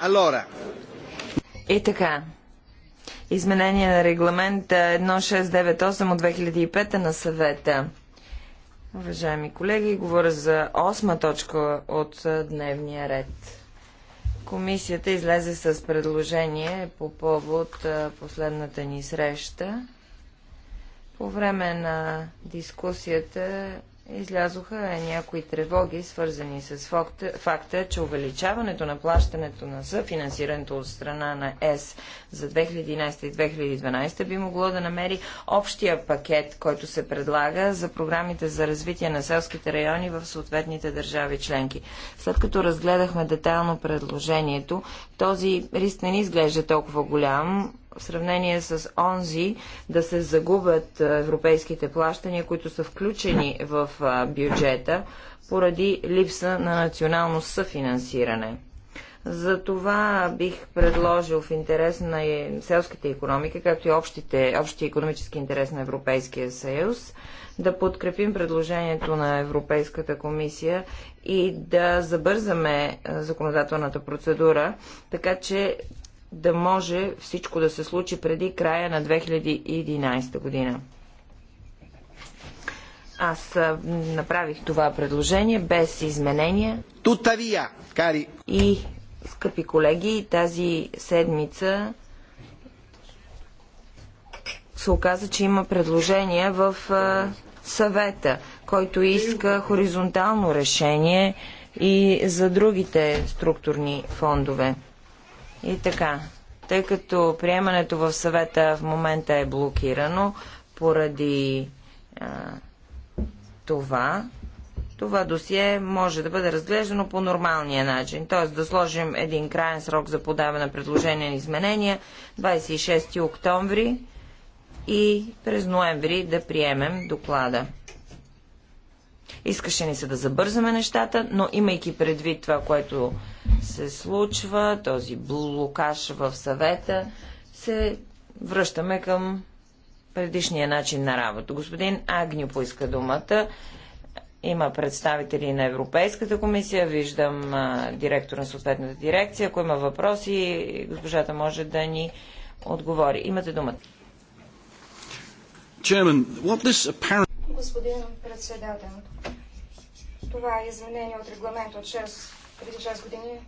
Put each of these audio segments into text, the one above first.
allora. И така. Изменение на регламент 1698 от 2005 на съвета. Уважаеми колеги, говоря за осма точка от дневния ред. Комисията излезе с предложение по повод последната ни среща. По време на дискусията излязоха някои тревоги, свързани с факта, че увеличаването на плащането на съфинансирането от страна на ЕС за 2011 и 2012 би могло да намери общия пакет, който се предлага за програмите за развитие на селските райони в съответните държави членки. След като разгледахме детайлно предложението, този риск не ни изглежда толкова голям, в сравнение с онзи да се загубят европейските плащания, които са включени в бюджета поради липса на национално съфинансиране. За това бих предложил в интерес на е, селската економика, както и общите, общия економически интерес на Европейския съюз, да подкрепим предложението на Европейската комисия и да забързаме законодателната процедура, така че да може всичко да се случи преди края на 2011 година. Аз направих това предложение без изменения. Тутавия, кари. И, скъпи колеги, тази седмица се оказа, че има предложение в съвета, който иска хоризонтално решение и за другите структурни фондове. И така, тъй като приемането в съвета в момента е блокирано поради а, това, това досие може да бъде разглеждано по нормалния начин, т.е. да сложим един крайен срок за подаване на предложения на изменения 26 октомври и през ноември да приемем доклада. Искаше ни се да забързаме нещата, но имайки предвид това, което се случва, този блокаж в съвета, се връщаме към предишния начин на работа. Господин Агню поиска думата. Има представители на Европейската комисия, виждам а, директор на съответната дирекция. Ако има въпроси, госпожата може да ни отговори. Имате думата господин председател. Това е изменение от регламент от 6, преди 6 години.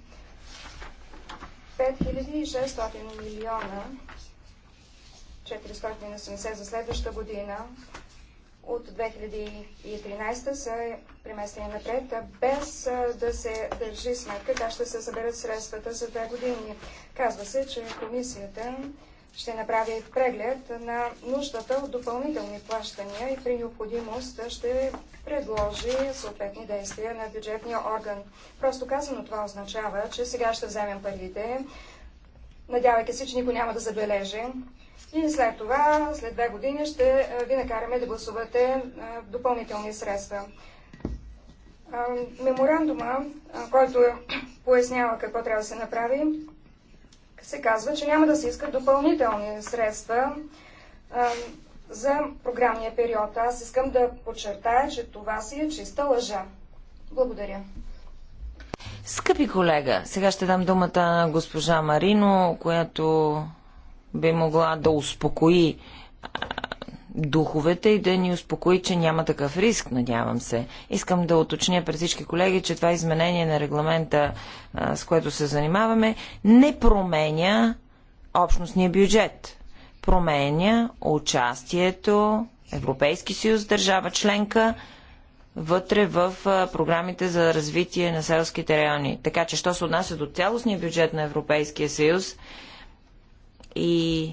5600 милиона, 480 за следваща година, от 2013 са преместени напред, без да се държи сметка как ще се съберат средствата за две години. Казва се, че комисията ще направи преглед на нуждата от допълнителни плащания и при необходимост ще предложи съответни действия на бюджетния орган. Просто казано това означава, че сега ще вземем парите, надявайки се, че никой няма да забележи. И след това, след две години, ще ви накараме да гласувате допълнителни средства. Меморандума, който пояснява какво трябва да се направи, се казва, че няма да се искат допълнителни средства за програмния период. Аз искам да подчертая, че това си е чиста лъжа. Благодаря. Скъпи колега, сега ще дам думата на госпожа Марино, която би могла да успокои духовете и да ни успокои, че няма такъв риск, надявам се. Искам да уточня пред всички колеги, че това изменение на регламента, с което се занимаваме, не променя общностния бюджет. Променя участието Европейски съюз, държава членка, вътре в програмите за развитие на селските райони. Така че, що се отнася до цялостния бюджет на Европейския съюз и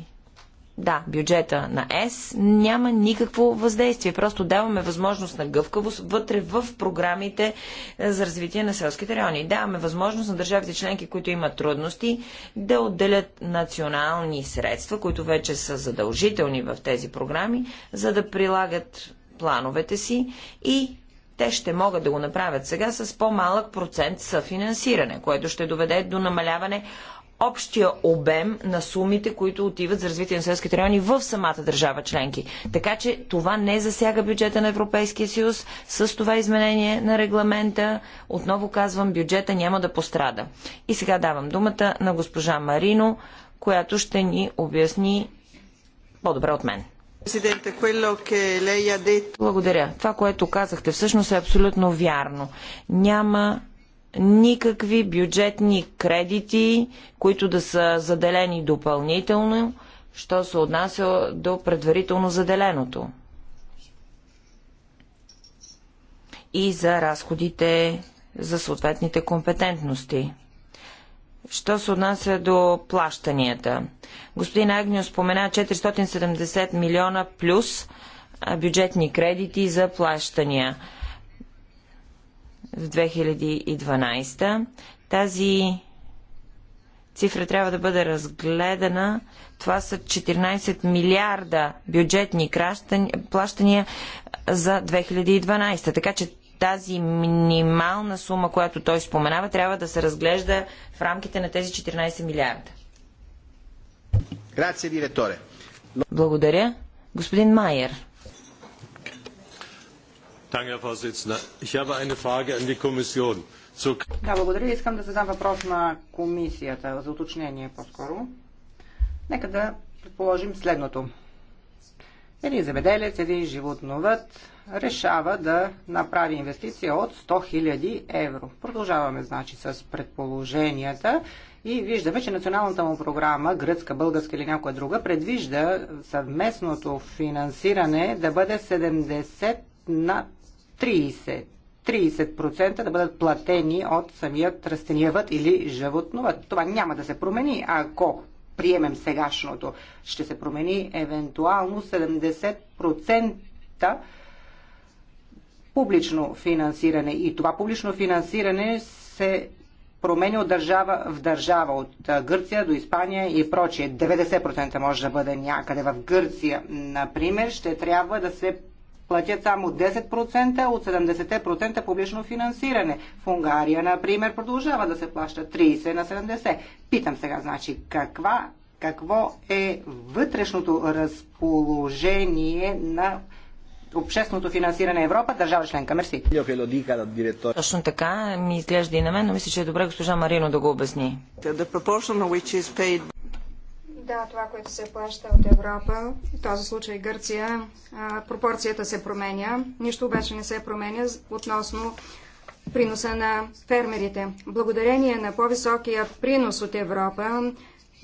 да, бюджета на ЕС няма никакво въздействие. Просто даваме възможност на гъвкавост вътре в програмите е, за развитие на селските райони. Даваме възможност на държавите членки, които имат трудности, да отделят национални средства, които вече са задължителни в тези програми, за да прилагат плановете си и те ще могат да го направят сега с по-малък процент съфинансиране, което ще доведе до намаляване общия обем на сумите, които отиват за развитие на селските райони в самата държава членки. Така че това не засяга бюджета на Европейския съюз. С това изменение на регламента, отново казвам, бюджета няма да пострада. И сега давам думата на госпожа Марино, която ще ни обясни по-добре от мен. Благодаря. Това, което казахте всъщност е абсолютно вярно. Няма никакви бюджетни кредити, които да са заделени допълнително, що се отнася до предварително заделеното. И за разходите за съответните компетентности. Що се отнася до плащанията? Господин Агнио спомена 470 милиона плюс бюджетни кредити за плащания за 2012. Тази цифра трябва да бъде разгледана. Това са 14 милиарда бюджетни плащания за 2012. Така че тази минимална сума, която той споменава, трябва да се разглежда в рамките на тези 14 милиарда. Грация, директоре. Благодаря. Господин Майер. Да, благодаря. Искам да задам въпрос на комисията за уточнение по-скоро. Нека да предположим следното. Един заведелец, един животновът решава да направи инвестиция от 100 000 евро. Продължаваме значи с предположенията и виждаме, че националната му програма, гръцка, българска или някоя друга, предвижда съвместното финансиране да бъде 70 на 30%, 30% да бъдат платени от самият растениевът или животновът. Това няма да се промени, ако приемем сегашното. Ще се промени евентуално 70% публично финансиране. И това публично финансиране се промени от държава в държава, от Гърция до Испания и прочие. 90% може да бъде някъде в Гърция, например, ще трябва да се платят само 10% от 70% публично финансиране. В Унгария, например, продължава да се плаща 30 на 70. Питам сега, значи, каква, какво е вътрешното разположение на общественото финансиране Европа, държава членка. Мерси. Точно така ми изглежда и на мен, но мисля, че е добре госпожа Марино да го обясни. Да, това, което се плаща от Европа, в този случай Гърция, пропорцията се променя. Нищо обаче не се променя относно приноса на фермерите. Благодарение на по-високия принос от Европа,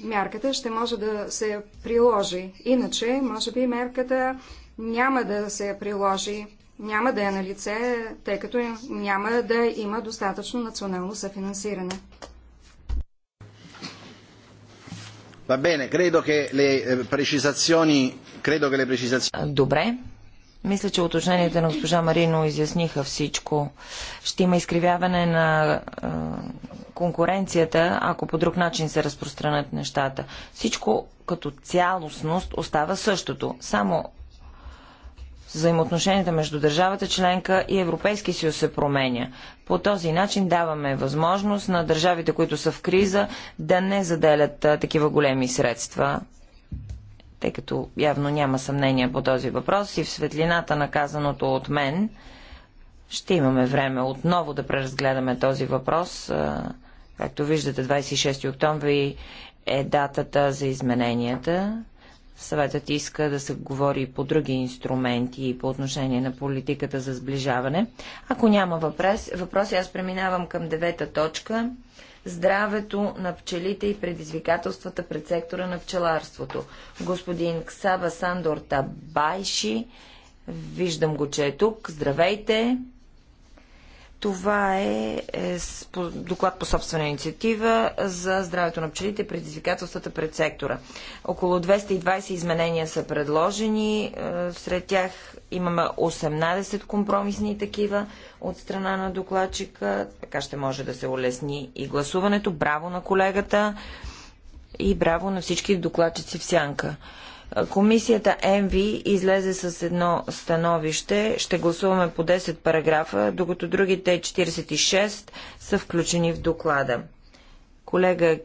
мярката ще може да се приложи. Иначе, може би, мярката няма да се приложи, няма да е на лице, тъй като няма да има достатъчно национално съфинансиране. Va bene, credo che le eh, precisazioni, credo che le precisazioni... Добре. Мисля, че уточненията на госпожа Марино изясниха всичко. Ще има изкривяване на е, конкуренцията, ако по друг начин се разпространят нещата. Всичко като цялостност остава същото. Само взаимоотношенията между държавата членка и Европейски съюз се променя. По този начин даваме възможност на държавите, които са в криза, да не заделят такива големи средства, тъй като явно няма съмнение по този въпрос и в светлината на казаното от мен, ще имаме време отново да преразгледаме този въпрос. Както виждате, 26 октомври е датата за измененията. Съветът иска да се говори и по други инструменти и по отношение на политиката за сближаване. Ако няма въпрос, въпроси, аз преминавам към девета точка. Здравето на пчелите и предизвикателствата пред сектора на пчеларството. Господин Ксаба Сандор Табайши, виждам го, че е тук. Здравейте! Това е, е доклад по собствена инициатива за здравето на пчелите и предизвикателствата пред сектора. Около 220 изменения са предложени. Е, сред тях имаме 18 компромисни такива от страна на докладчика. Така ще може да се улесни и гласуването. Браво на колегата и браво на всички докладчици в сянка. Комисията ЕМВИ излезе с едно становище. Ще гласуваме по 10 параграфа, докато другите 46 са включени в доклада. Колега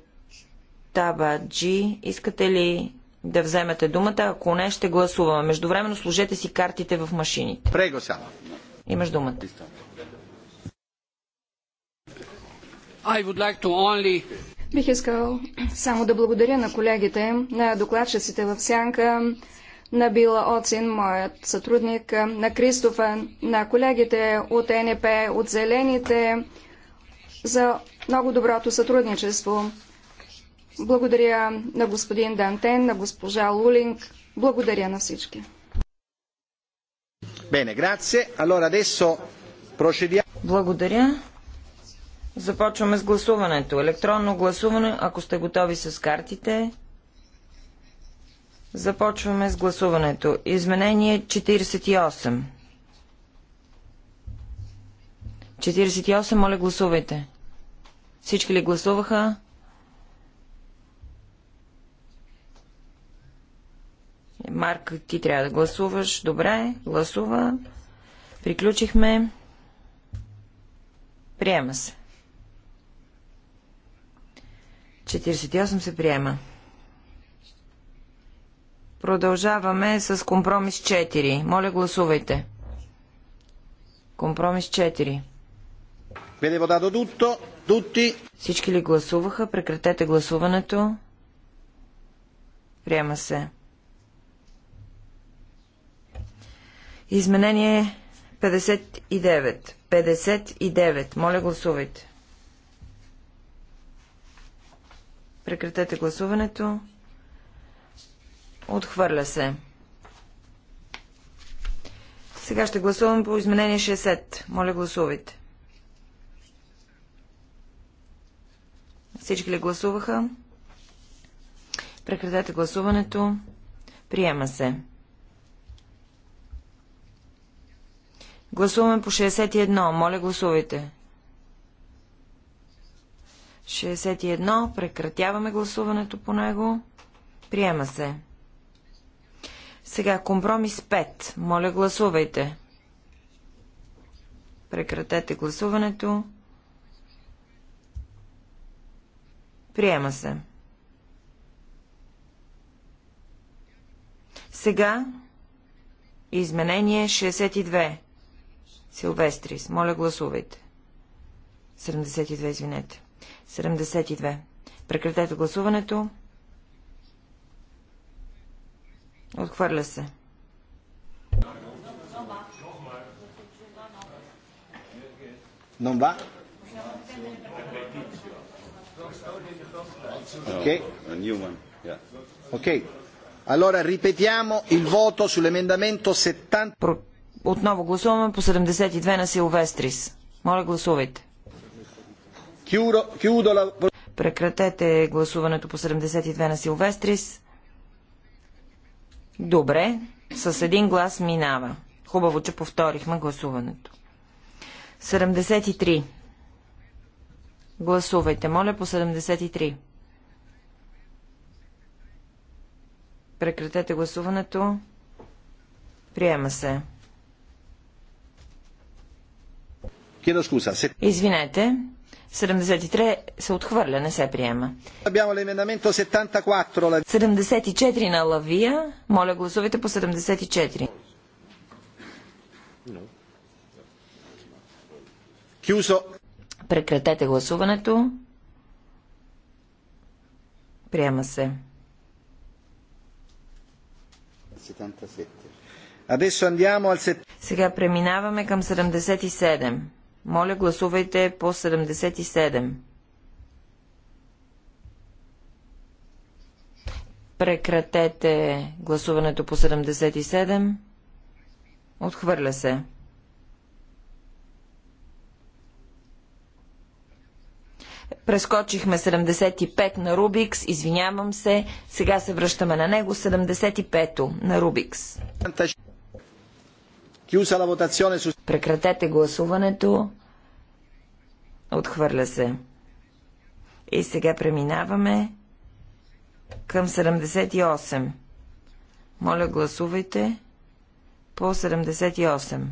Табаджи, искате ли да вземете думата? Ако не, ще гласуваме. Междувременно служете си картите в машините. Прего Имаш думата. Like only... Бих искал само да благодаря на колегите, на докладчиците в Сянка, на Била Оцин, моят сътрудник, на Кристофа, на колегите от НП, от Зелените, за много доброто сътрудничество. Благодаря на господин Дантен, на госпожа Лулинг. Благодаря на всички. Allora adesso procediamo. Благодаря. Започваме с гласуването. Електронно гласуване, ако сте готови с картите. Започваме с гласуването. Изменение 48. 48, моля гласувайте. Всички ли гласуваха? Марк, ти трябва да гласуваш. Добре, гласува. Приключихме. Приема се. 48 се приема. Продължаваме с компромис 4. Моля, гласувайте. Компромис 4. Vede votato tutto, tutti. Всички ли гласуваха? Прекратете гласуването. Приема се. Изменение 59. 59. Моля, гласувайте. Прекратете гласуването. Отхвърля се. Сега ще гласувам по изменение 60. Моля гласувайте. Всички ли гласуваха? Прекратете гласуването. Приема се. Гласуваме по 61. Моля гласувайте. 61. Прекратяваме гласуването по него. Приема се. Сега компромис 5. Моля гласувайте. Прекратете гласуването. Приема се. Сега изменение 62. Силвестрис. Моля гласувайте. 72, извинете. 72. Прекратете гласуването. Отхвърля се. Номба? Окей. Ok. A new one. Yeah. Ok. Allora ripetiamo il voto sull'emendamento 70. Отново гласуваме по 72 на Силвестрис. Моля гласувайте. Прекратете гласуването по 72 на Силвестрис. Добре, с един глас минава. Хубаво, че повторихме гласуването. 73. Гласувайте, моля, по 73. Прекратете гласуването. Приема се. Извинете. 73 се отхвърля, не се приема. 74 на Лавия. Моля, гласувайте по 74. Прекратете гласуването. Приема се. 77. Сега преминаваме към 77. Моля, гласувайте по 77. Прекратете гласуването по 77. Отхвърля се. Прескочихме 75 на Рубикс, извинявам се, сега се връщаме на него, 75 на Рубикс. Прекратете гласуването. Отхвърля се. И сега преминаваме към 78. Моля, гласувайте по 78.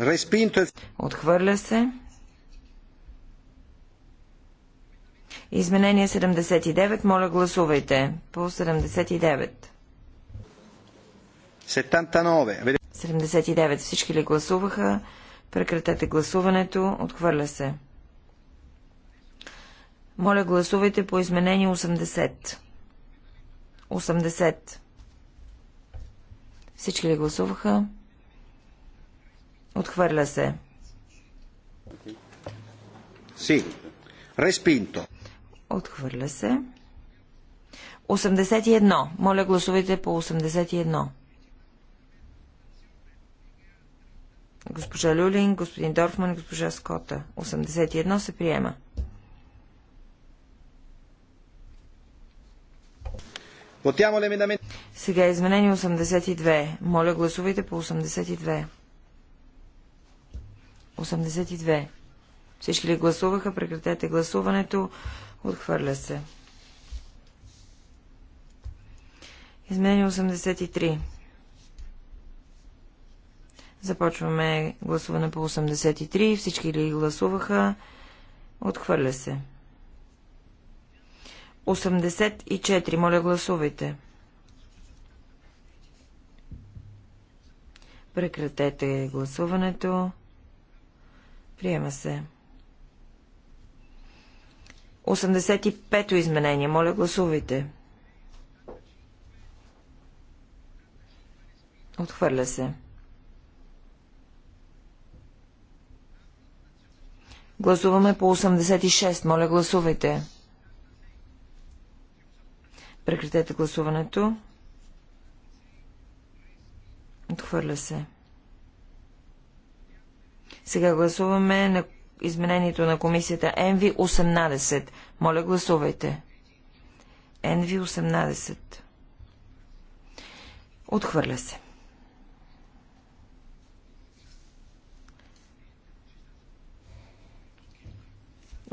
Е- Отхвърля се. Изменение 79. Моля, гласувайте по 79. 79. 79. Всички ли гласуваха? Прекратете гласуването. Отхвърля се. Моля, гласувайте по изменение 80. 80. Всички ли гласуваха? Отхвърля се. Си. Респинто. Отхвърля се. 81. Моля, гласувайте по 81. Госпожа Люлин, господин Дорфман и госпожа Скота. 81 се приема. Сега е изменение 82. Моля, гласувайте по 82. 82. Всички ли гласуваха? Прекратете гласуването. Отхвърля се. Изменение 83. Започваме гласуване по 83. Всички ли гласуваха? Отхвърля се. 84. Моля, гласувайте. Прекратете гласуването. Приема се. 85-то изменение. Моля, гласувайте. Отхвърля се. Гласуваме по 86. Моля, гласувайте. Прекратете гласуването. Отхвърля се. Сега гласуваме на изменението на комисията NV18. Моля, гласувайте. NV18. Отхвърля се.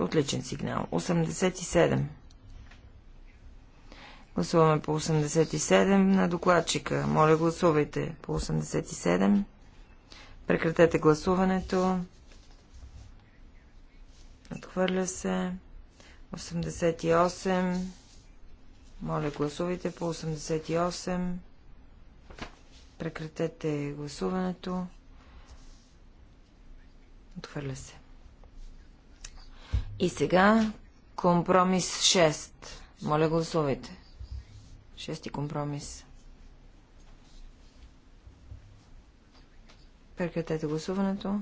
Отличен сигнал. 87. Гласуваме по 87 на докладчика. Моля, гласувайте по 87. Прекратете гласуването. Отхвърля се. 88. Моля, гласувайте по 88. Прекратете гласуването. Отхвърля се. И сега компромис 6. Моля гласувайте. Шести компромис. Прекратете гласуването.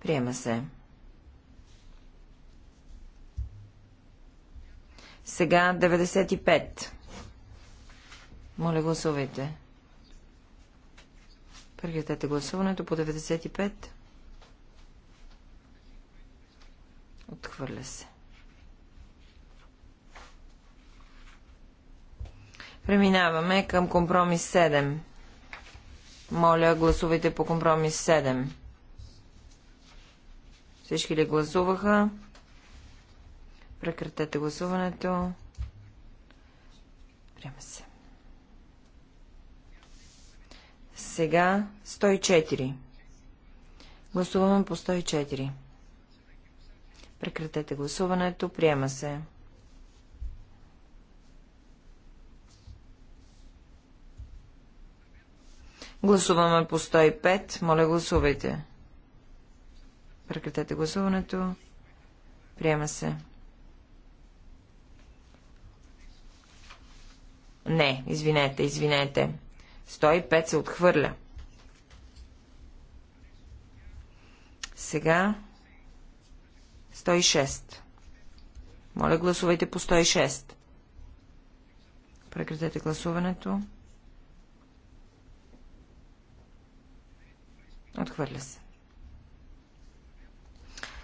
Приема се. Сега 95. Моля гласувайте. Прекратете гласуването по 95. Отхвърля се. Преминаваме към компромис 7. Моля, гласувайте по компромис 7. Всички ли гласуваха? Прекратете гласуването. Приема се. Сега 104. Гласуваме по 104. Прекратете гласуването. Приема се. Гласуваме по 105. Моля, гласувайте. Прекратете гласуването. Приема се. Не, извинете, извинете. 105 се отхвърля. Сега 106. Моля, гласувайте по 106. Прекратете гласуването. Отхвърля се.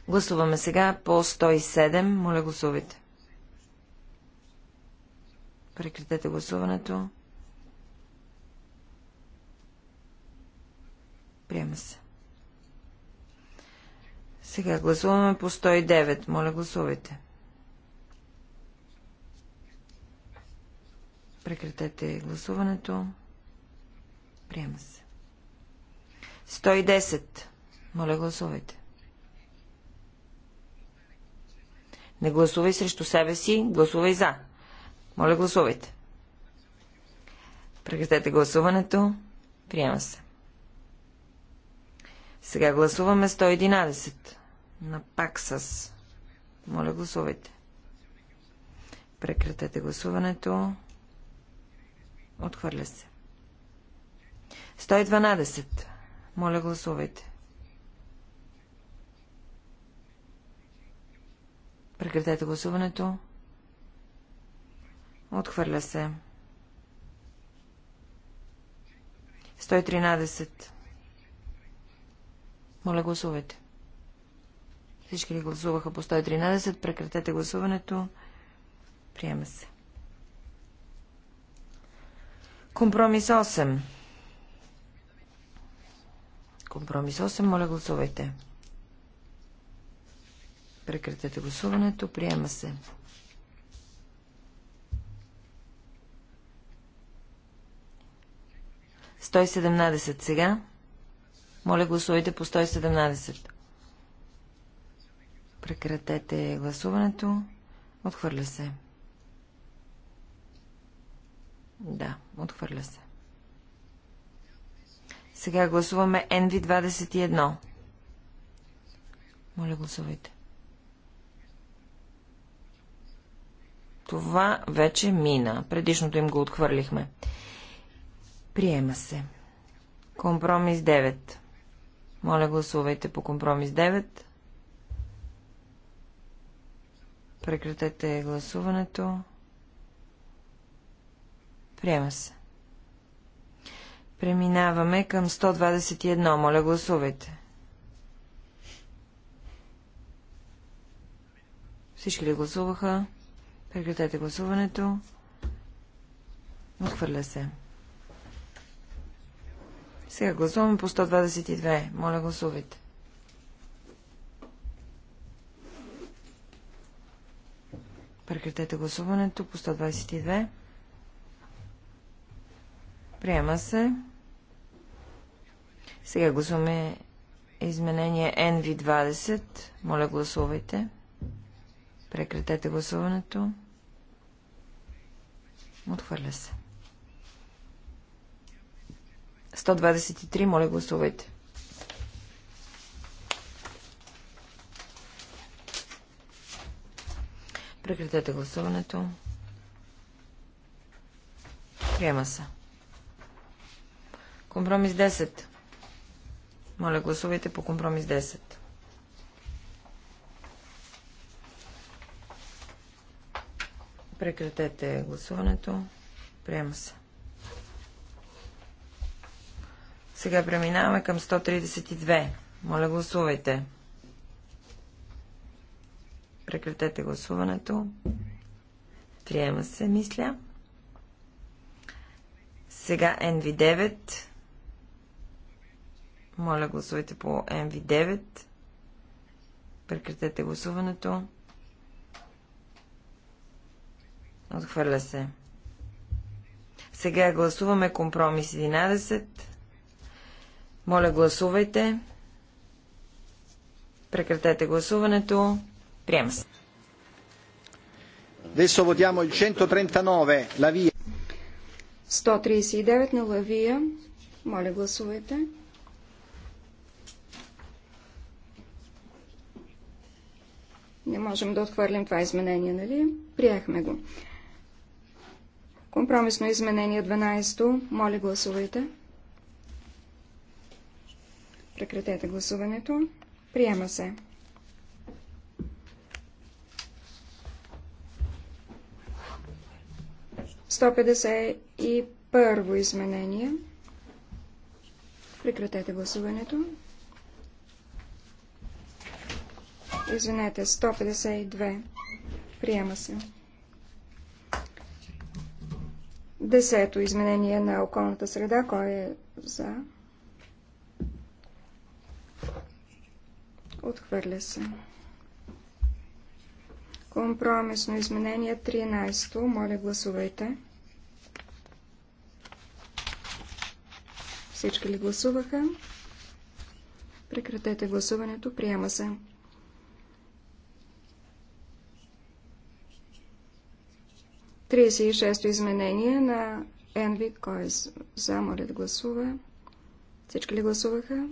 Гласуваме сега по 107. Моля, гласувайте. Прекратете гласуването. Приема се. Сега гласуваме по 109. Моля, гласувайте. Прекратете гласуването. Приема се. 110. Моля, гласувайте. Не гласувай срещу себе си, гласувай за. Моля, гласувайте. Прекратете гласуването. Приема се. Сега гласуваме 111 на Паксас. Моля, гласувайте. Прекратете гласуването. Отхвърля се. 112. Моля, гласувайте. Прекратете гласуването. Отхвърля се. 113. Моля, гласувайте. Всички ли гласуваха по 113? Прекратете гласуването. Приема се. Компромис 8. Компромис 8. Моля, гласувайте. Прекратете гласуването. Приема се. Сто сега. Моля, гласувайте по 117. Прекратете гласуването. Отхвърля се. Да, отхвърля се. Сега гласуваме NV21. Моля, гласувайте. Това вече мина. Предишното им го отхвърлихме. Приема се. Компромис 9. Моля, гласувайте по компромис 9. Прекратете гласуването. Приема се. Преминаваме към 121. Моля, гласувайте. Всички ли гласуваха? Прекратете гласуването. Отхвърля се. Сега гласуваме по 122. Моля, гласувайте. Прекратете гласуването по 122. Приема се. Сега гласуваме изменение NV20. Моля, гласувайте. Прекратете гласуването. Отхвърля се. 123. Моля, гласувайте. Прекратете гласуването. Приема се. Компромис 10. Моля, гласувайте по компромис 10. Прекратете гласуването. Приема се. Сега преминаваме към 132. Моля, гласувайте. Прекратете гласуването. Приема се, мисля. Сега NV9. Моля, гласувайте по NV9. Прекратете гласуването. Отхвърля се. Сега гласуваме компромис 11. Моля, гласувайте. Прекратете гласуването. Приема се. Adesso votiamo 139, la 139 на лавия. Моля, гласувайте. Не можем да отхвърлим това изменение, нали? Приехме го. Компромисно изменение 12. Моля, гласувайте. Прекратете гласуването. Приема се. 151 изменение. Прекратете гласуването. Извинете, 152. Приема се. Десето изменение на околната среда. Кой е за? Отхвърля се. Компромисно изменение 13. Моля, гласувайте. Всички ли гласуваха? Прекратете гласуването. Приема се. Тридесет и шесто изменение на Енви. Кой е за? Моля да гласува. Всички ли гласуваха?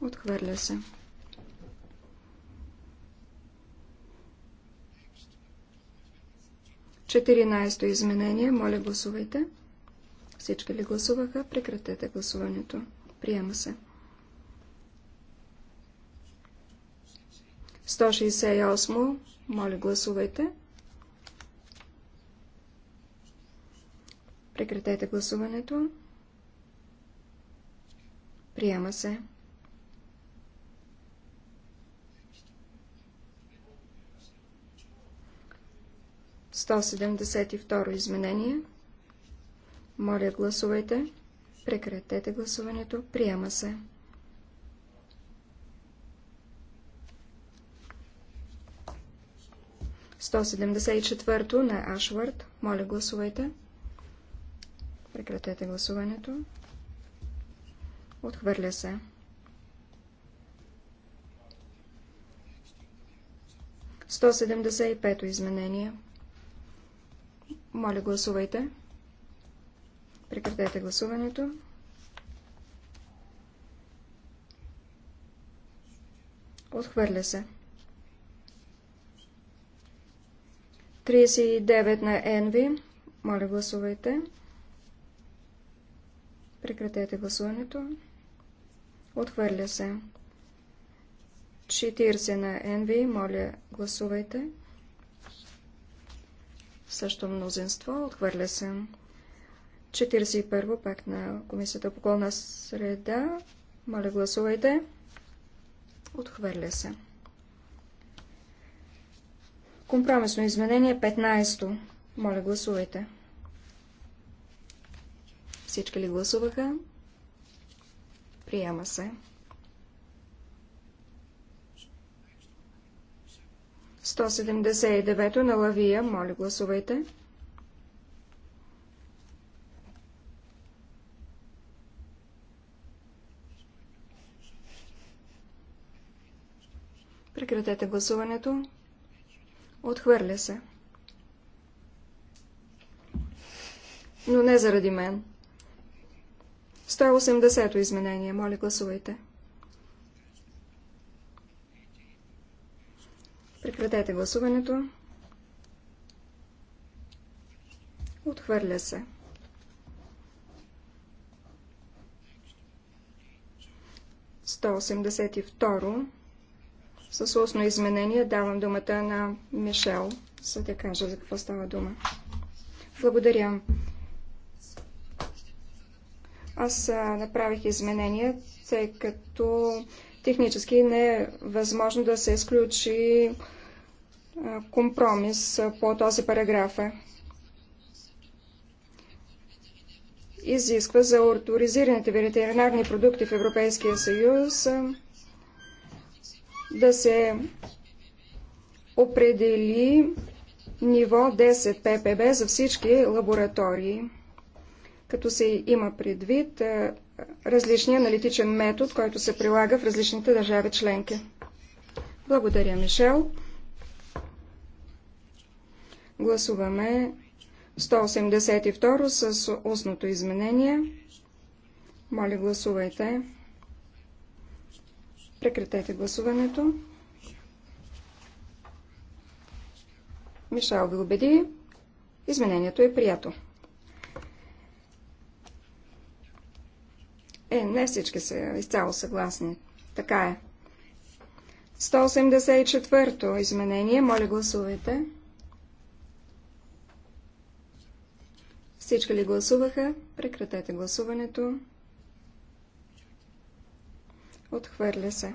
Отхвърля се. 14-то изменение. Моля, гласувайте. Всички ли гласуваха? Прекратете гласуването. Приема се. 168. Моля, гласувайте. Прекратете гласуването. Приема се. 172 изменение. Моля, гласувайте. Прекратете гласуването. Приема се. Сто седемдесет на Ашвард. Моля, гласувайте. Прекратете гласуването. Отхвърля се. 175 изменение. Моля, гласувайте. Прекратете гласуването. Отхвърля се. 39 на Енви. Моля, гласувайте. Прекратете гласуването. Отхвърля се. 40 на Енви. Моля, гласувайте също мнозинство, отхвърля се. 41 пак на Комисията по околна среда. Моля, гласувайте. Отхвърля се. Компромисно изменение 15. Моля, гласувайте. Всички ли гласуваха? Приема се. 179 то на Лавия. Моля, гласувайте. Прекратете гласуването. Отхвърля се. Но не заради мен. 180-то изменение. Моля, гласувайте. Прекратете гласуването. Отхвърля се. Сто С устно изменение давам думата на Мишел, за да кажа за какво става дума. Благодаря. Аз направих изменения, тъй като технически не е възможно да се изключи компромис по този параграф. Изисква за авторизираните ветеринарни продукти в Европейския съюз да се определи ниво 10 ППБ за всички лаборатории, като се има предвид различния аналитичен метод, който се прилага в различните държави членки. Благодаря, Мишел. Гласуваме 182 с устното изменение. Моля, гласувайте. Прекратете гласуването. Мишал ви убеди. Изменението е прието. Е, не всички са изцяло съгласни. Така е. 184-то изменение. Моля, гласувайте. Всички ли гласуваха? Прекратете гласуването. Отхвърля се.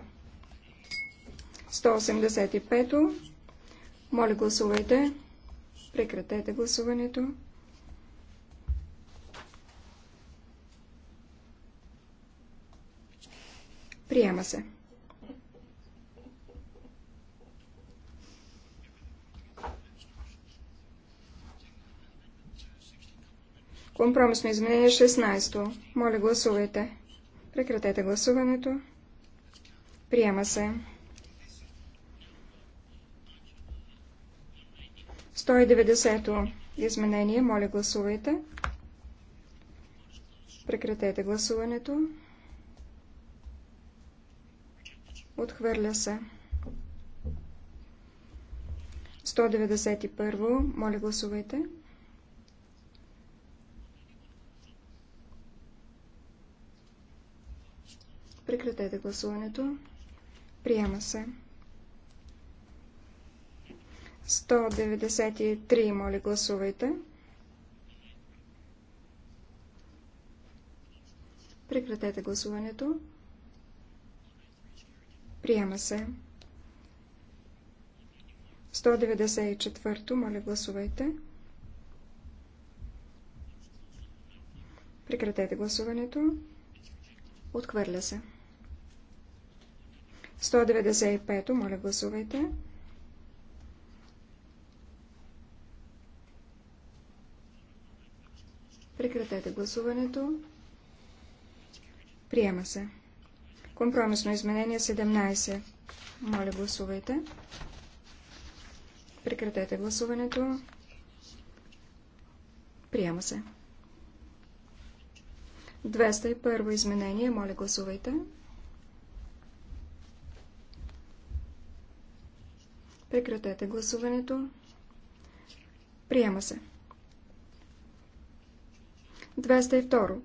185-то. Моля, гласувайте. Прекратете гласуването. Приема се. Компромисно изменение 16. Моля гласувайте. Прекратете гласуването. Приема се. 190 изменение. Моля гласувайте. Прекратете гласуването. Отхвърля се. 191. Моля, гласувайте. Прекратете гласуването. Приема се. 193. Моля, гласувайте. Прекратете гласуването. Приема се. 194-то, моля гласувайте. Прекратете гласуването. Отхвърля се. 195-то, моля гласувайте. Прекратете гласуването. Приема се. Компромисно изменение 17. Моля, гласувайте. Прекратете гласуването. Приема се. 201 изменение. Моля, гласувайте. Прекратете гласуването. Приема се. 202.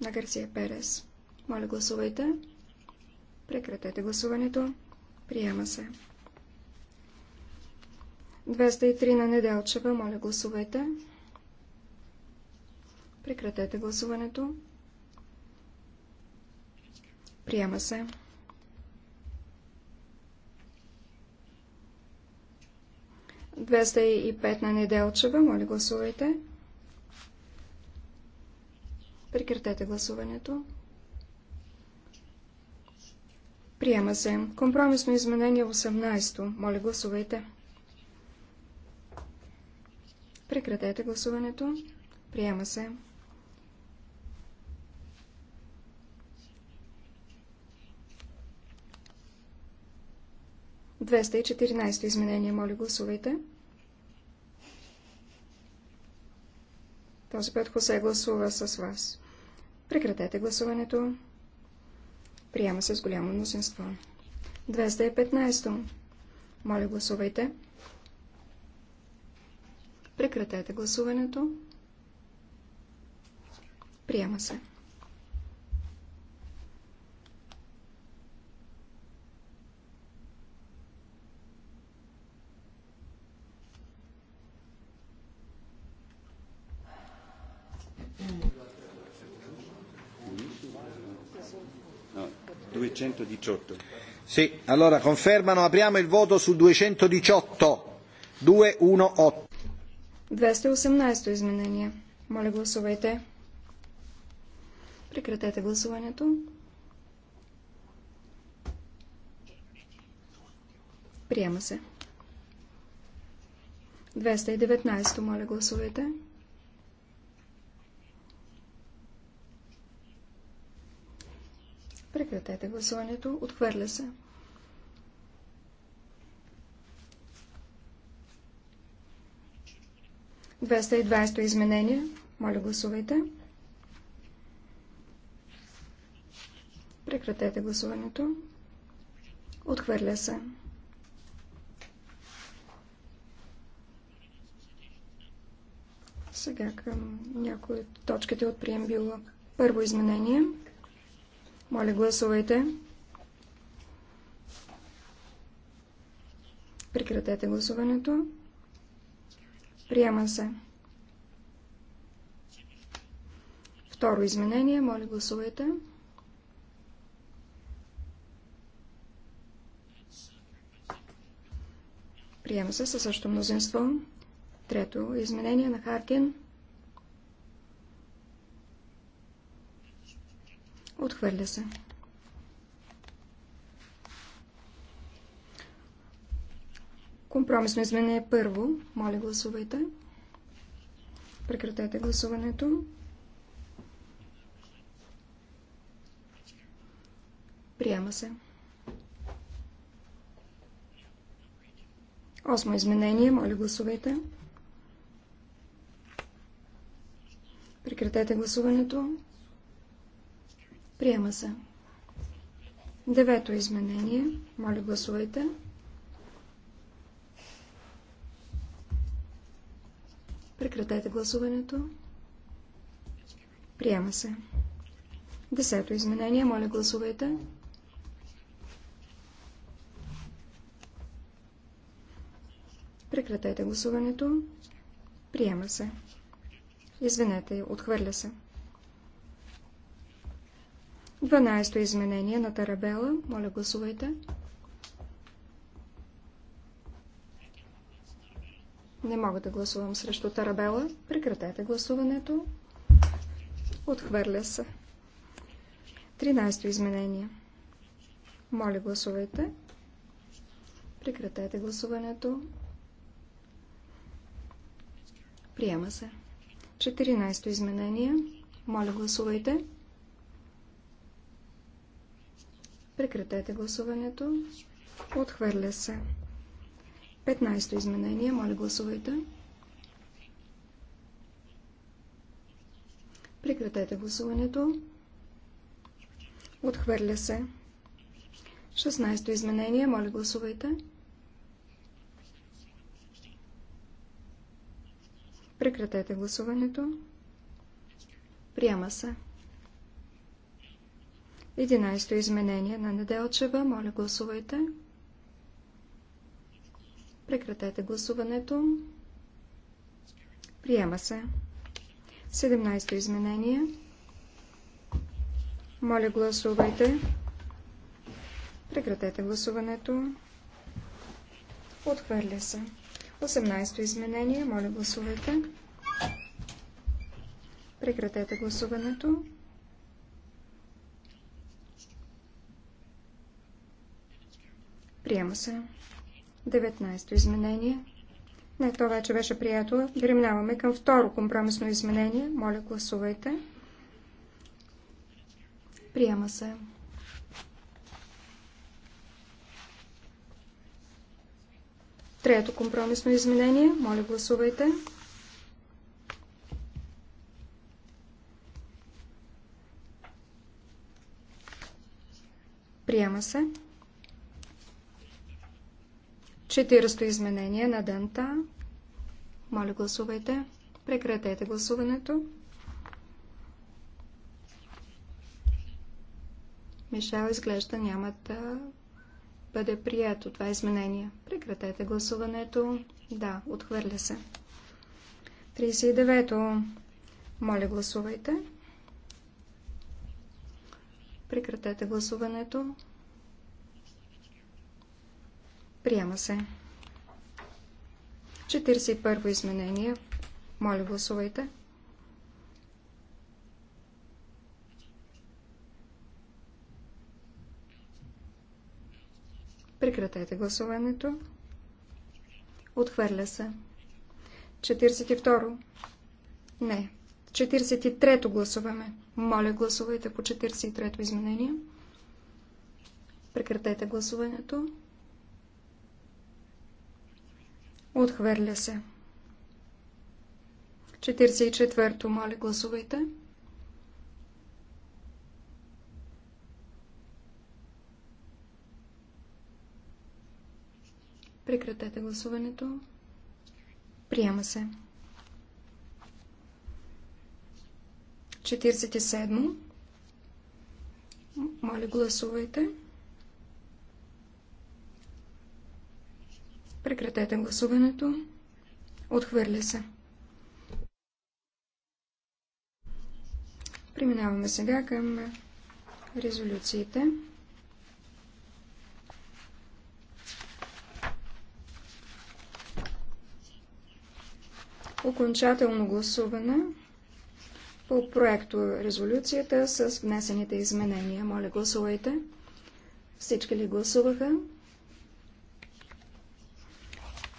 На Гарсия Перес. Моля, гласувайте. Прекратете гласуването. Приема се. 203 на Неделчева. Моля, гласувайте. Прекратете гласуването. Приема се. 205 на Неделчева. Моля, гласувайте. Прекратете гласуването. Приема се. Компромисно изменение 18. Моля, гласувайте. Прекратете гласуването. Приема се. Двеста и четиринайсто изменение. Моля, гласувайте. Този път Хосе гласува с вас. Прекратете гласуването. Приема се с голямо мнозинство. 215. Моля, гласувайте. Прекратете гласуването. Приема се. 218. Sì, allora confermano, apriamo il voto su 218. 218. 218 изменение. Моля гласувайте. Прекратете гласуването. Приема се. 219. Моля гласувайте. Прекратете гласуването. Отхвърля се. Двеста и изменение. Моля, гласувайте. Прекратете гласуването. Отхвърля се. Сега към някои от точките от приембила. първо изменение. Моля, гласувайте. Прекратете гласуването. Приема се. Второ изменение. Моля, гласувайте. Приема се със същото мнозинство. Трето изменение на Харкин. Отхвърля се. Компромисно изменение първо. Моля, гласувайте. Прекратете гласуването. Приема се. Осмо изменение. Моля, гласувайте. Прекратете гласуването. Приема се. Девето изменение. Моля, гласувайте. Прекратете гласуването. Приема се. Десето изменение. Моля, гласувайте. Прекратете гласуването. Приема се. Извинете, отхвърля се. 12-то изменение на Тарабела. Моля, гласувайте. Не мога да гласувам срещу Тарабела. Прекратете гласуването. Отхвърля се. 13-то изменение. Моля, гласувайте. Прекратете гласуването. Приема се. 14-то изменение. Моля, гласувайте. Прекратете гласуването. Отхвърля се. 15-то изменение. Моля гласувайте. Прекратете гласуването. Отхвърля се. 16-то изменение. Моля гласувайте. Прекратете гласуването. Приема се. 11-то изменение на Неделчева. Моля, гласувайте. Прекратете гласуването. Приема се. 17-то изменение. Моля, гласувайте. Прекратете гласуването. Отхвърля се. 18-то изменение. Моля, гласувайте. Прекратете гласуването. Приема се. 19-то изменение. Не, това вече беше прието. Преминаваме към второ компромисно изменение. Моля, гласувайте. Приема се. Трето компромисно изменение. Моля, гласувайте. Приема се. 40 изменение на Данта. Моля, гласувайте. Прекратете гласуването. Мишел изглежда няма да бъде прието това изменение. Прекратете гласуването. Да, отхвърля се. 39-то. Моля, гласувайте. Прекратете гласуването. Приема се. 41 изменение. Моля, гласувайте. Прекратете гласуването. Отхвърля се. 42. Не. 43-то гласуваме. Моля, гласувайте по 43-то изменение. Прекратете гласуването. Отхвърля се. 44-то, моля, гласувайте. Прекратете гласуването. Приема се. 47. Моля, гласувайте. 48. Прекратете гласуването. Отхвърля се. Преминаваме сега към резолюциите. Окончателно гласуване по проекто резолюцията с внесените изменения. Моля, гласувайте. Всички ли гласуваха?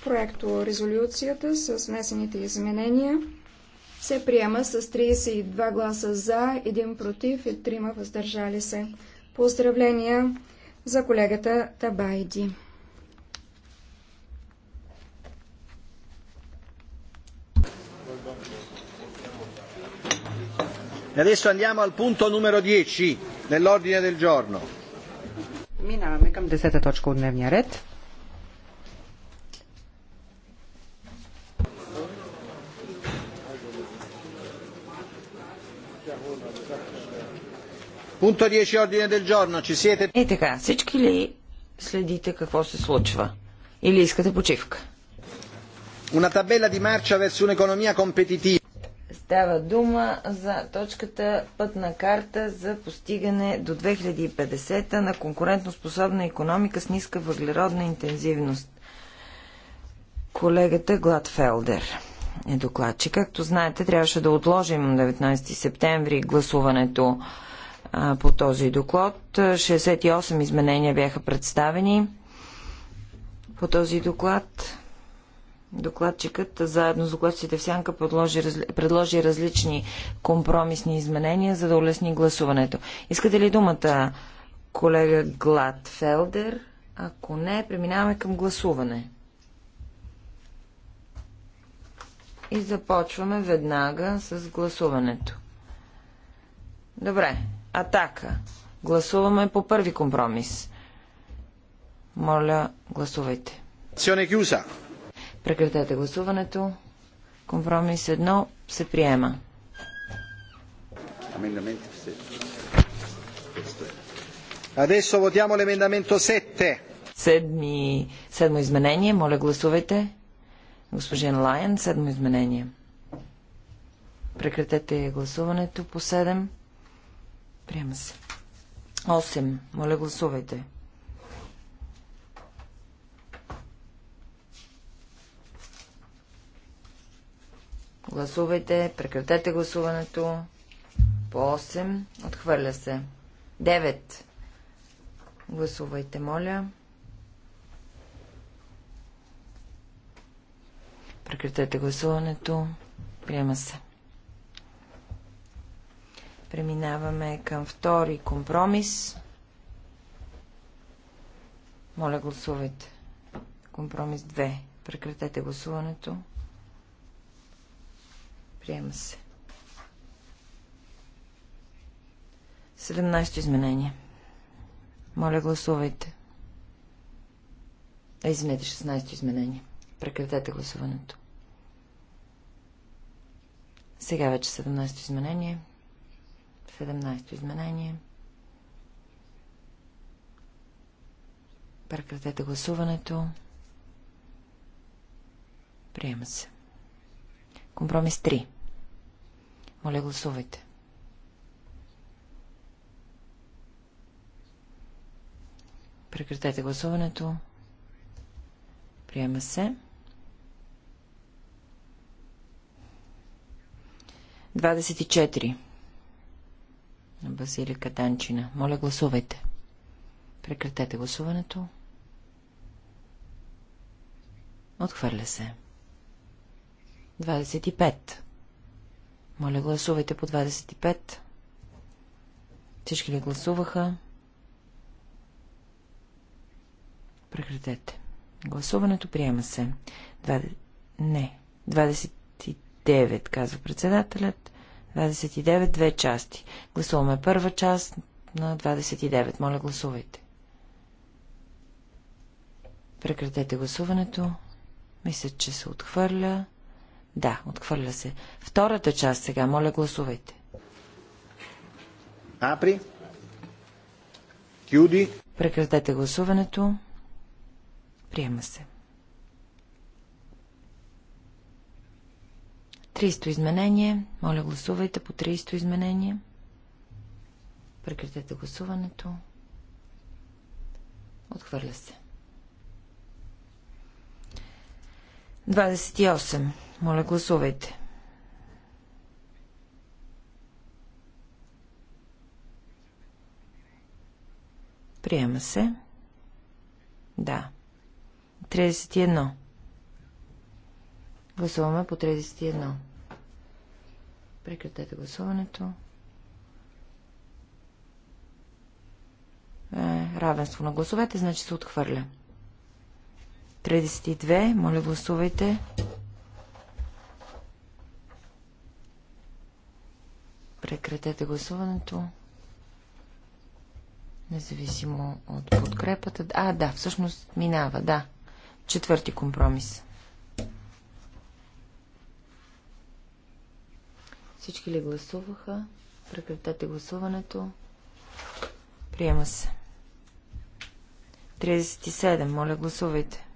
Проекто резолюцията с внесените изменения се приема с 32 гласа за, 1 против и 3 въздържали се. Поздравления за колегата Табайди. E adesso andiamo al punto numero 10 dell'ordine del giorno. Минаваме към 10 точка от дневния ред. Пункто 10 ordine del Е така, всички ли следите какво се случва? Или искате почивка? Una tabella di marcia verso un'economia competitiva. Става дума за точката пътна карта за постигане до 2050 на конкурентоспособна економика с ниска въглеродна интензивност. Колегата Гладфелдер е докладчик. Както знаете, трябваше да отложим 19 септември гласуването по този доклад. 68 изменения бяха представени по този доклад. Докладчикът, заедно с докладчиците в Сянка, подложи, предложи различни компромисни изменения, за да улесни гласуването. Искате ли думата, колега Гладфелдер? Ако не, преминаваме към гласуване. И започваме веднага с гласуването. Добре, атака. Гласуваме по първи компромис. Моля, гласувайте. Прекратете гласуването. Компромис 1 се приема. Е Адесо votiamo l'emendamento 7. Седми, седмо изменение, моля гласувайте. Госпожин Лайен, седмо изменение. Прекратете гласуването по 7. Приема се. 8. Моля, гласувайте. Гласувайте, прекратете гласуването. По 8. Отхвърля се. 9. Гласувайте, моля. Прекратете гласуването. Приема се. Преминаваме към втори компромис. Моля, гласувайте. Компромис 2. Прекратете гласуването. Приема се. 17 изменение. Моля, гласувайте. А, е, извинете, 16 изменение. Прекратете гласуването. Сега вече 17 изменение. 17 изменение. Прекратете гласуването. Приема се. Компромис 3. Моля, гласувайте. Прекратете гласуването. Приема се. 24 на Базилика Данчина. Моля, гласувайте. Прекратете гласуването. Отхвърля се. 25. Моля, гласувайте по 25. Всички ли гласуваха? Прекратете. Гласуването приема се. 20... Не. 29, казва председателят. 29, две части. Гласуваме първа част на 29. Моля, гласувайте. Прекратете гласуването. Мисля, че се отхвърля. Да, отхвърля се. Втората част сега. Моля, гласувайте. Апри. Кюди. Прекратете гласуването. Приема се. 300 изменение. Моля, гласувайте по 300 изменение. Прекратете гласуването. Отхвърля се. 28. Моля, гласувайте. Приема се. Да. 31. Гласуваме по 31. Прекратете гласуването. Е, равенство на гласовете, значи се отхвърля. 32. Моля, гласувайте. Прекратете гласуването. Независимо от подкрепата. А, да, всъщност минава, да. Четвърти компромис. Всички ли гласуваха? Прекратете гласуването. Приема се. 37. Моля, гласувайте.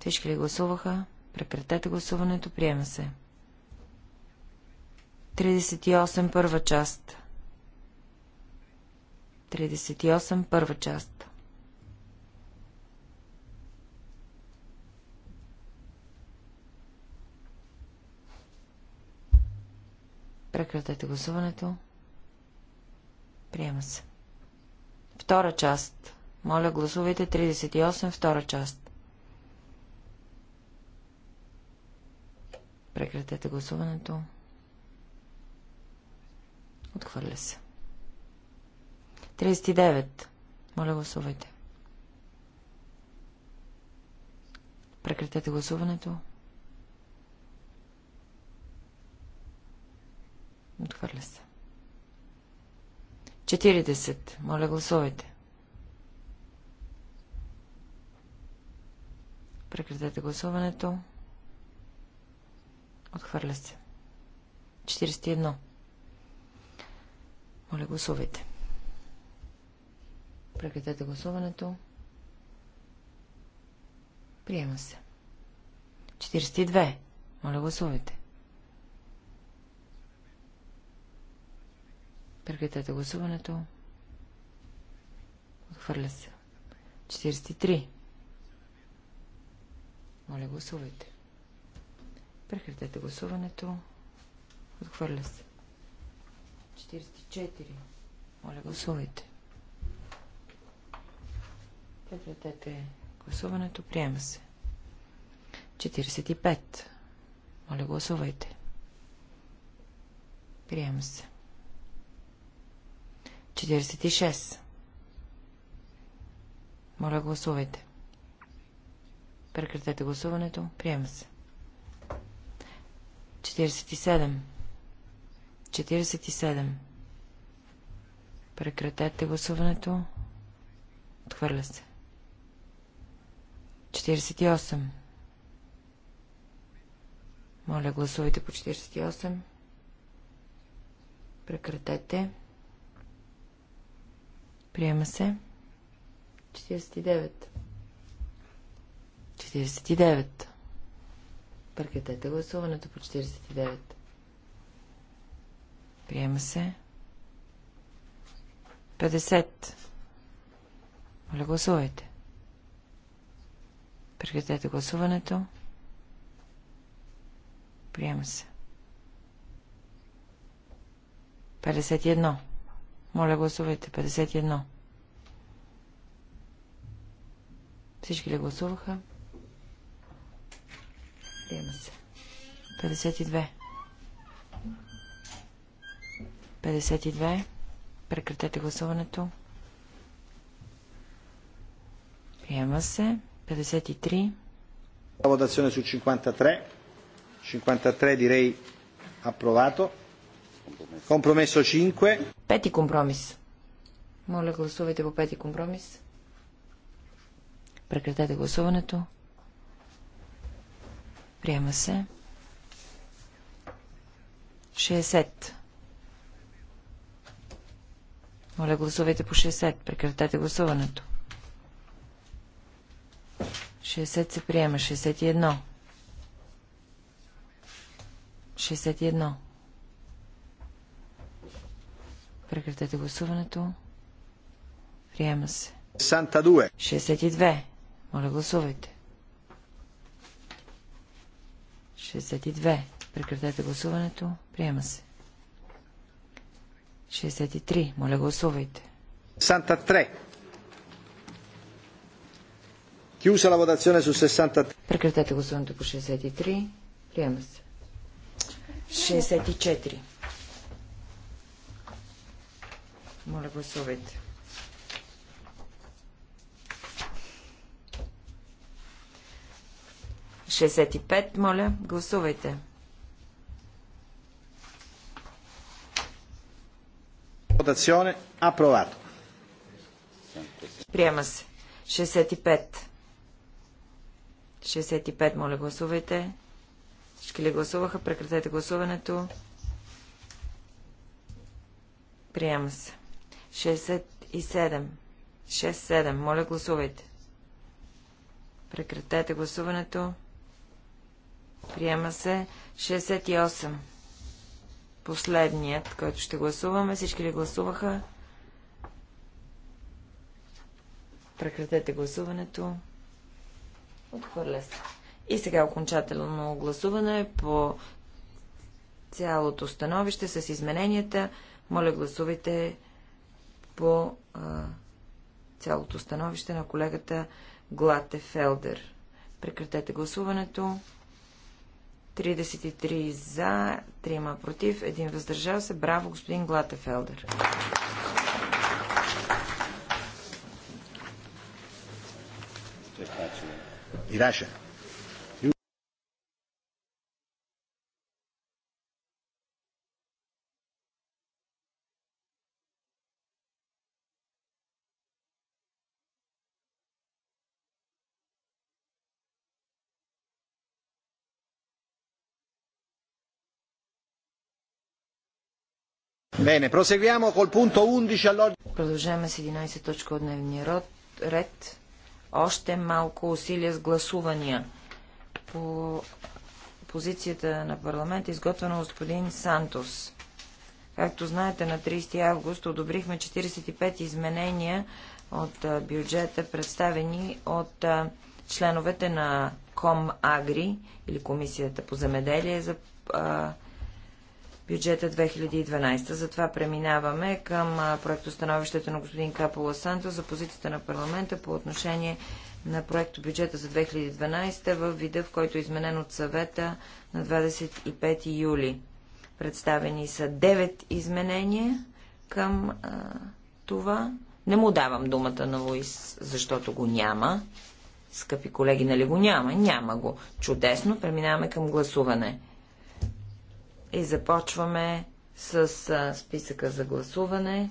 Всички ли гласуваха? Прекратете гласуването. Приема се. 38. Първа част. 38. Първа част. Прекратете гласуването. Приема се. Втора част. Моля, гласувайте 38, втора част. Прекратете гласуването. Отхвърля се. 39. Моля, гласувайте. Прекратете гласуването. Отхвърля се. 40. Моля, гласувайте. Прекратете гласуването. Отхвърля се. 41. Моля, гласувайте. Прекратете гласуването. Приема се. 42. Моля, гласувайте. Прекратете гласуването. Отхвърля се. 43. Моля, гласувайте. Прекратете гласуването. Отхвърля се. 44. Моля, гласувайте. Прекратете гласуването. Приема се. 45. Моля, гласувайте. Приема се. 46. Моля, гласувайте. Прекратете гласуването. Приема се. 47. 47. Прекратете гласуването. Отхвърля се. 48. Моля, гласувайте по 48. Прекратете. Приема се. 49. 49. Прекратете гласуването по 49. Приема се. 50. Моля, гласувайте. Прекратете гласуването. Приема се. 51. Моля, гласувайте. 51. Всички ли гласуваха? Приема се. 52. 52. Прекратете гласуването. Приема се. 53. La votazione su 53. 53 direi approvato. Компромесо 5. Пети компромис. Моля, гласувайте по пети компромис. Прекратете гласуването. Приема се. 60. Моля, гласувайте по 60. Прекратете гласуването. 60 се приема. 61. 61. Прекратете гласуването. Приема се. 62. Моля, гласувайте. 62. Прекратете гласуването. Приема се. 63. Моля, гласувайте. 63. Chiusa la votazione su 63. Прекратете гласуването по 63. Приема се. 64. Моля, гласувайте. Шестдесет и пет, моля, гласувайте. Votazione approvato. Приема се. 65. 65, моля, гласувайте. Всички ли гласуваха? Прекратете гласуването. Приема се. 67. 6-7. Моля, гласувайте. Прекратете гласуването. Приема се 68. Последният, който ще гласуваме. Всички ли гласуваха? Прекратете гласуването. Отхвърля се. И сега окончателно гласуване по цялото становище с измененията. Моля, гласувайте по а, цялото становище на колегата Глате Фелдер. Прекратете гласуването. 33 за, 3 против, 1 въздържал се. Браво, господин Глатефелдер. Ираше. Bene, proseguiamo col punto 11 all'ordine. Продължаваме с 11 точка от дневния род, ред. Още малко усилия с гласувания. По позицията на парламент изготвена от господин Сантос. Както знаете, на 30 август одобрихме 45 изменения от бюджета, представени от членовете на КомАгри или Комисията по земеделие за бюджета 2012. Затова преминаваме към проектостановището на господин Капола Санто за позицията на парламента по отношение на проекто бюджета за 2012 в вида, в който е изменен от съвета на 25 юли. Представени са 9 изменения към а, това. Не му давам думата на Луис, защото го няма. Скъпи колеги, нали го няма? Няма го. Чудесно, преминаваме към гласуване. И започваме с списъка за гласуване.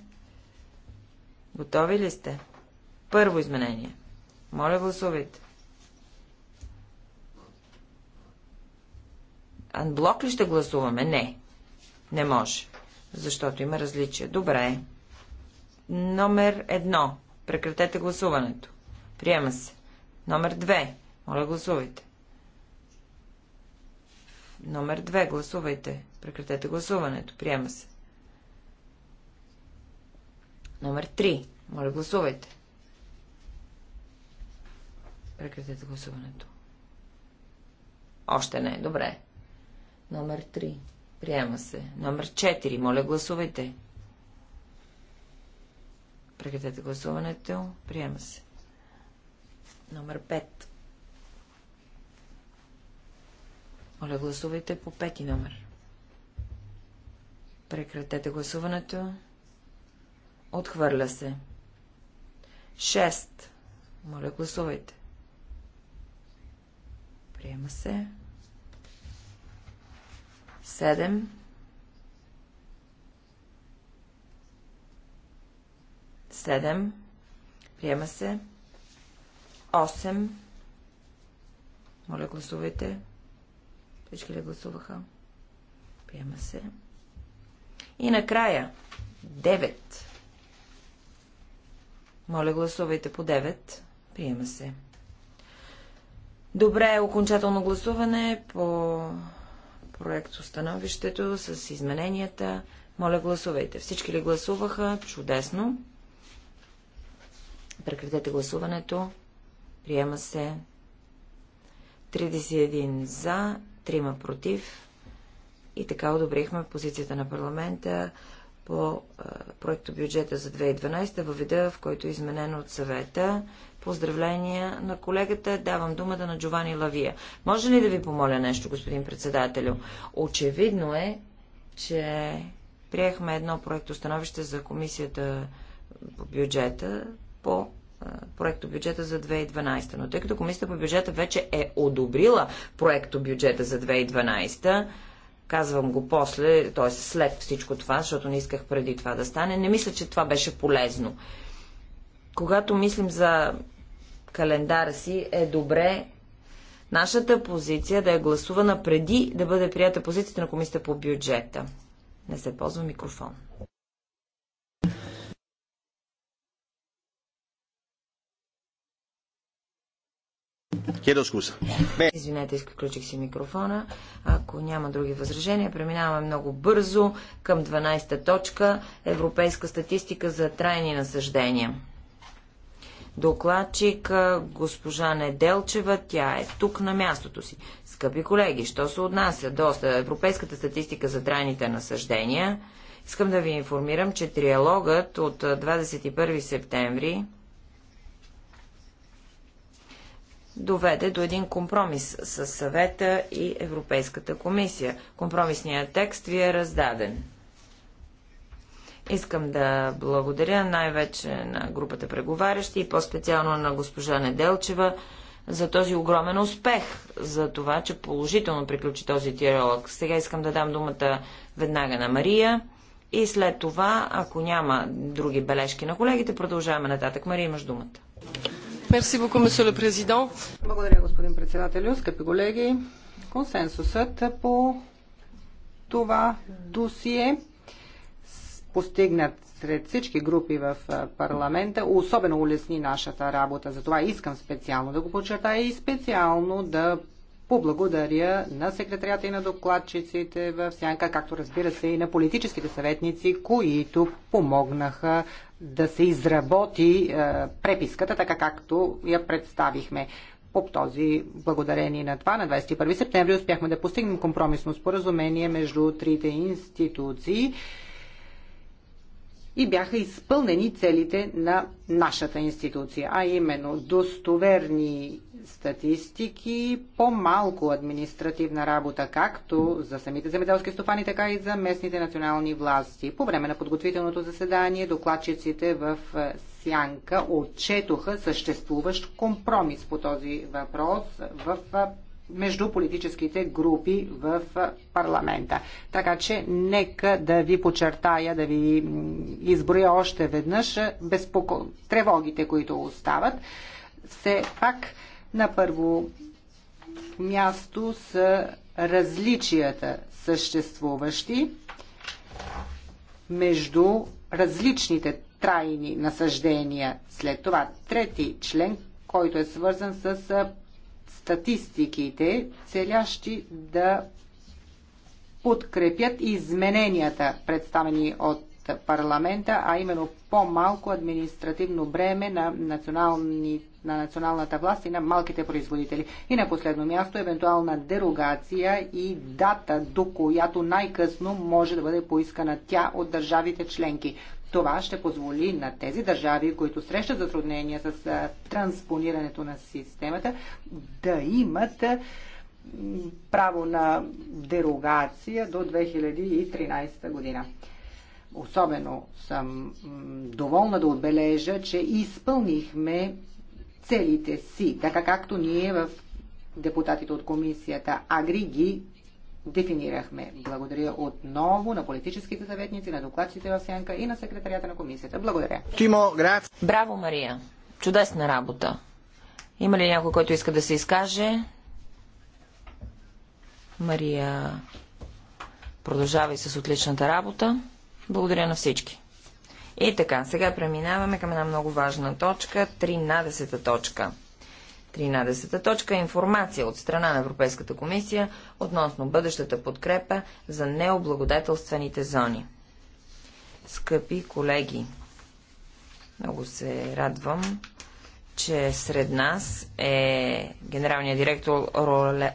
Готови ли сте? Първо изменение. Моля гласувайте. Анблок ли ще гласуваме? Не. Не може. Защото има различия. Добре. Номер едно. Прекратете гласуването. Приема се. Номер две. Моля гласувайте. Номер две. Гласувайте. Прекратете гласуването. Приема се. Номер 3. Моля, гласувайте. Прекратете гласуването. Още не. Добре. Номер 3. Приема се. Номер 4. Моля, гласувайте. Прекратете гласуването. Приема се. Номер 5. Моля, гласувайте по пети номер. Прекратете гласуването. Отхвърля се. 6. Моля, гласувайте. Приема се. 7. Седем. Приема се. 8. Моля, гласувайте. Всички ли гласуваха? Приема се. И накрая 9. Моля, гласувайте по 9. Приема се. Добре, окончателно гласуване по проект установището с измененията. Моля, гласувайте. Всички ли гласуваха? Чудесно. Прекратете гласуването. Приема се. 31 за, 3 против и така одобрихме позицията на парламента по проекто бюджета за 2012 във вида, в който е изменено от съвета. Поздравления на колегата. Давам думата на Джовани Лавия. Може ли да ви помоля нещо, господин председателю? Очевидно е, че приехме едно проекто становище за комисията по бюджета по проекто бюджета за 2012. Но тъй като комисията по бюджета вече е одобрила проекто бюджета за 2012, Казвам го после, т.е. след всичко това, защото не исках преди това да стане. Не мисля, че това беше полезно. Когато мислим за календара си, е добре нашата позиция да е гласувана преди да бъде прията позицията на комисията по бюджета. Не се ползва микрофон. Хедо скуса. Извинете, изключих си микрофона. Ако няма други възражения, преминаваме много бързо към 12-та точка Европейска статистика за трайни насъждения. Докладчик госпожа Неделчева, тя е тук на мястото си. Скъпи колеги, що се отнася до Европейската статистика за трайните насъждения, искам да ви информирам, че триалогът от 21 септември доведе до един компромис с съвета и Европейската комисия. Компромисният текст ви е раздаден. Искам да благодаря най-вече на групата преговарящи и по-специално на госпожа Неделчева за този огромен успех, за това, че положително приключи този диалог. Сега искам да дам думата веднага на Мария и след това, ако няма други бележки на колегите, продължаваме нататък. Мария, имаш думата. Благодаря, господин председател, Скъпи колеги, консенсусът по това досие постигнат сред всички групи в парламента, особено улесни нашата работа. Затова искам специално да го подчертая и специално да поблагодаря на секретарията и на докладчиците в Сянка, както разбира се и на политическите съветници, които помогнаха да се изработи а, е, преписката, така както я представихме. По този благодарение на това, на 21 септември успяхме да постигнем компромисно споразумение между трите институции и бяха изпълнени целите на нашата институция, а именно достоверни статистики, по-малко административна работа, както за самите земеделски стопани, така и за местните национални власти. По време на подготвителното заседание докладчиците в е, Сянка отчетоха съществуващ компромис по този въпрос в е, между политическите групи в е, парламента. Така че нека да ви почертая, да ви изброя още веднъж безпоко... тревогите, които остават. Все пак на първо място са различията съществуващи между различните трайни насъждения. След това трети член, който е свързан с статистиките, целящи да подкрепят измененията, представени от парламента, а именно по-малко административно бреме на, национални, на националната власт и на малките производители. И на последно място, евентуална дерогация и дата, до която най-късно може да бъде поискана тя от държавите членки. Това ще позволи на тези държави, които срещат затруднения с транспонирането на системата, да имат право на дерогация до 2013 година. Особено съм доволна да отбележа, че изпълнихме целите си, така както ние в депутатите от комисията Агри ги дефинирахме. Благодаря отново на политическите съветници, на докладците в Сянка и на секретарията на комисията. Благодаря. Тимо, граф. Браво, Мария. Чудесна работа. Има ли някой, който иска да се изкаже? Мария продължава и с отличната работа. Благодаря на всички. И така, сега преминаваме към една много важна точка, 13-та точка. 13-та точка е информация от страна на Европейската комисия относно бъдещата подкрепа за необлагодателствените зони. Скъпи колеги, много се радвам, че сред нас е генералният директор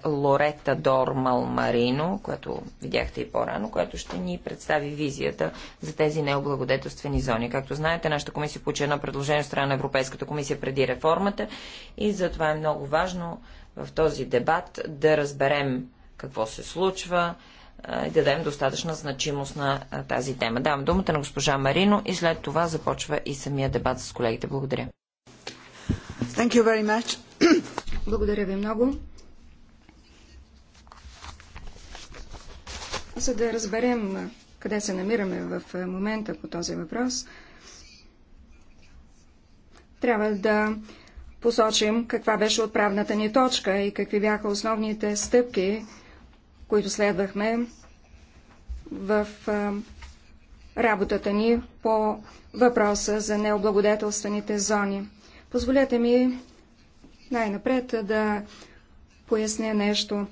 Лорета Дормал Марино, което видяхте и по-рано, което ще ни представи визията за тези необлагодетелствени зони. Както знаете, нашата комисия получи едно предложение от страна на Европейската комисия преди реформата и затова е много важно в този дебат да разберем какво се случва, и да дадем достатъчна значимост на тази тема. Давам думата на госпожа Марино и след това започва и самия дебат с колегите. Благодаря. Благодаря ви много. За да разберем къде се намираме в момента по този въпрос, трябва да посочим каква беше отправната ни точка и какви бяха основните стъпки, които следвахме в работата ни по въпроса за необлагодетелствените зони. Позволете ми най-напред да поясня нещо.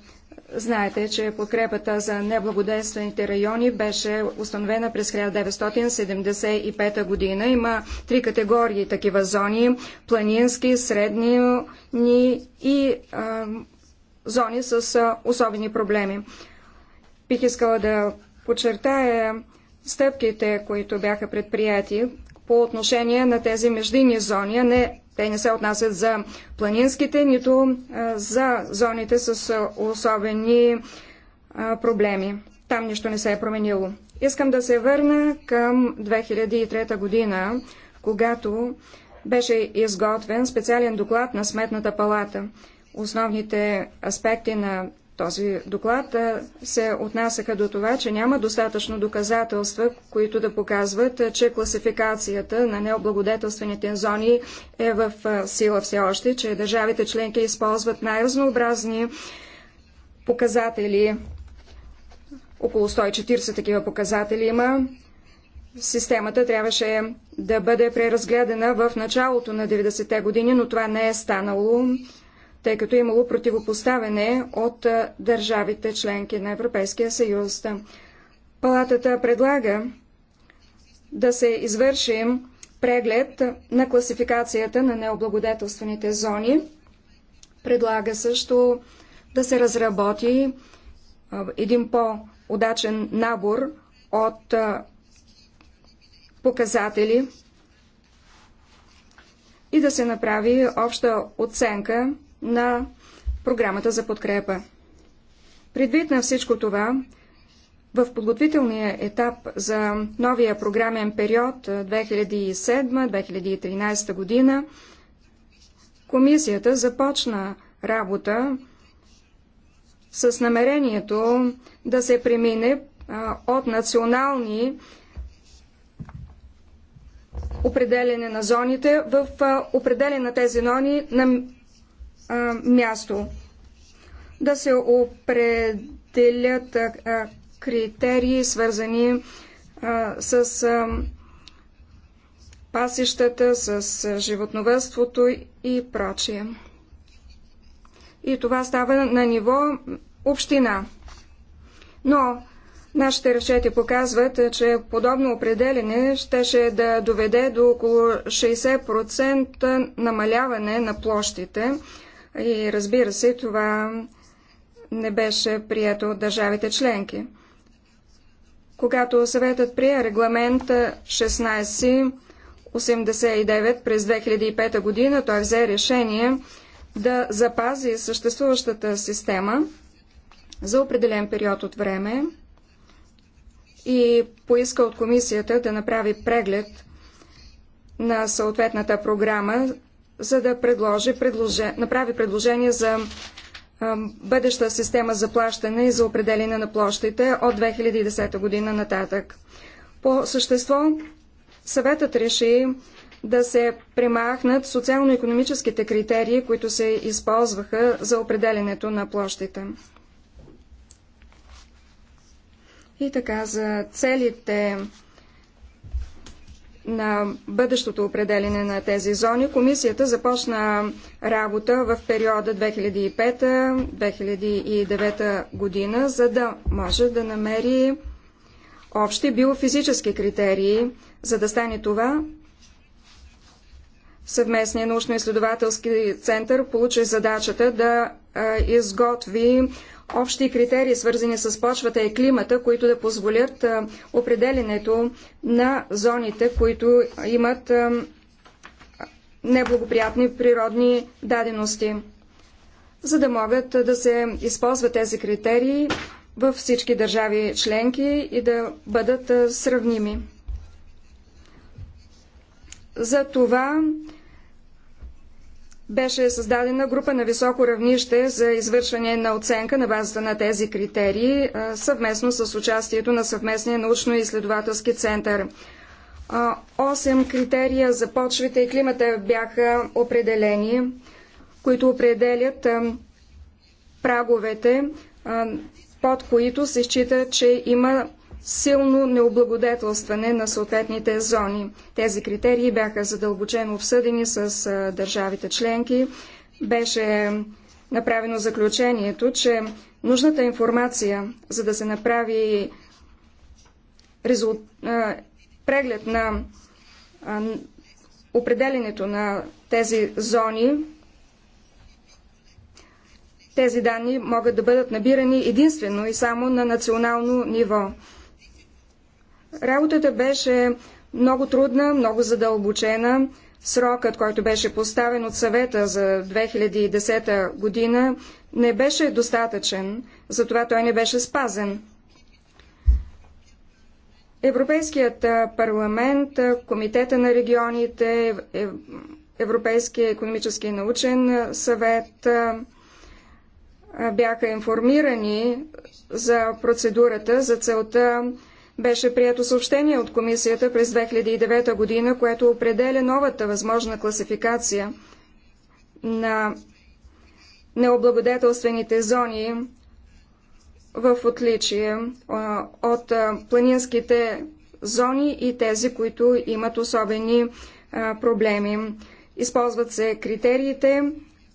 Знаете, че подкрепата за неблагодействените райони беше установена през 1975 година. Има три категории такива зони – планински, средни и а, зони с а, особени проблеми. Бих искала да подчертая стъпките, които бяха предприяти по отношение на тези междинни зони, а не те не се отнасят за планинските, нито за зоните с особени проблеми. Там нищо не се е променило. Искам да се върна към 2003 година, когато беше изготвен специален доклад на Сметната палата. Основните аспекти на този доклад се отнасяха до това, че няма достатъчно доказателства, които да показват, че класификацията на необлагодетелствените зони е в сила все още, че държавите членки използват най-разнообразни показатели. Около 140 такива показатели има. Системата трябваше да бъде преразгледана в началото на 90-те години, но това не е станало тъй като е имало противопоставяне от държавите членки на Европейския съюз. Палатата предлага да се извърши преглед на класификацията на необлагодетелстваните зони. Предлага също да се разработи един по-удачен набор от показатели и да се направи обща оценка на програмата за подкрепа. Предвид на всичко това, в подготвителния етап за новия програмен период 2007-2013 година комисията започна работа с намерението да се премине от национални определене на зоните в определене на тези зони на а, място. Да се определят а, критерии, свързани а, с а, пасищата, с животновътството и прочие. И това става на ниво община. Но Нашите разчети показват, че подобно определене щеше да доведе до около 60% намаляване на площите и разбира се, това не беше прието от държавите членки. Когато съветът прие регламент 1689 през 2005 година, той взе решение да запази съществуващата система за определен период от време и поиска от комисията да направи преглед на съответната програма за да предложи, предложе, направи предложение за бъдеща система за плащане и за определение на площите от 2010 година нататък. По същество, съветът реши да се премахнат социално-економическите критерии, които се използваха за определенето на площите. И така, за целите на бъдещото определене на тези зони, комисията започна работа в периода 2005-2009 година, за да може да намери общи биофизически критерии. За да стане това, съвместния научно-изследователски център получи задачата да изготви общи критерии, свързани с почвата и климата, които да позволят определенето на зоните, които имат неблагоприятни природни дадености, за да могат да се използват тези критерии във всички държави членки и да бъдат сравними. За това беше създадена група на високо равнище за извършване на оценка на базата на тези критерии, съвместно с участието на съвместния научно-изследователски център. Осем критерия за почвите и климата бяха определени, които определят праговете, под които се счита, че има силно необлагодетелстване на съответните зони. Тези критерии бяха задълбочено обсъдени с държавите членки. Беше направено заключението, че нужната информация, за да се направи резул... преглед на определенето на тези зони, тези данни могат да бъдат набирани единствено и само на национално ниво. Работата беше много трудна, много задълбочена. Срокът, който беше поставен от съвета за 2010 година, не беше достатъчен, затова той не беше спазен. Европейският парламент, Комитета на регионите, Европейския економически и научен съвет бяха информирани за процедурата, за целта беше прието съобщение от комисията през 2009 година, което определя новата възможна класификация на необлагодетелствените зони в отличие от планинските зони и тези, които имат особени проблеми. Използват се критериите,